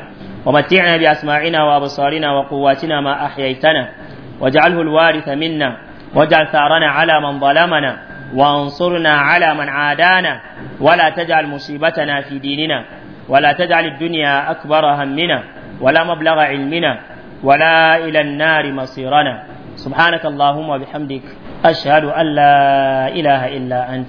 ومتعنا بأسماعنا وأبصارنا وقواتنا ما أحييتنا واجعله الوارث منا واجعل ثارنا على من ظلمنا وانصرنا على من عادانا ولا تجعل مصيبتنا في ديننا ولا تجعل الدنيا أكبر همنا ولا مبلغ علمنا ولا إلى النار مصيرنا سبحانك اللهم وبحمدك أشهد أن لا إله إلا أنت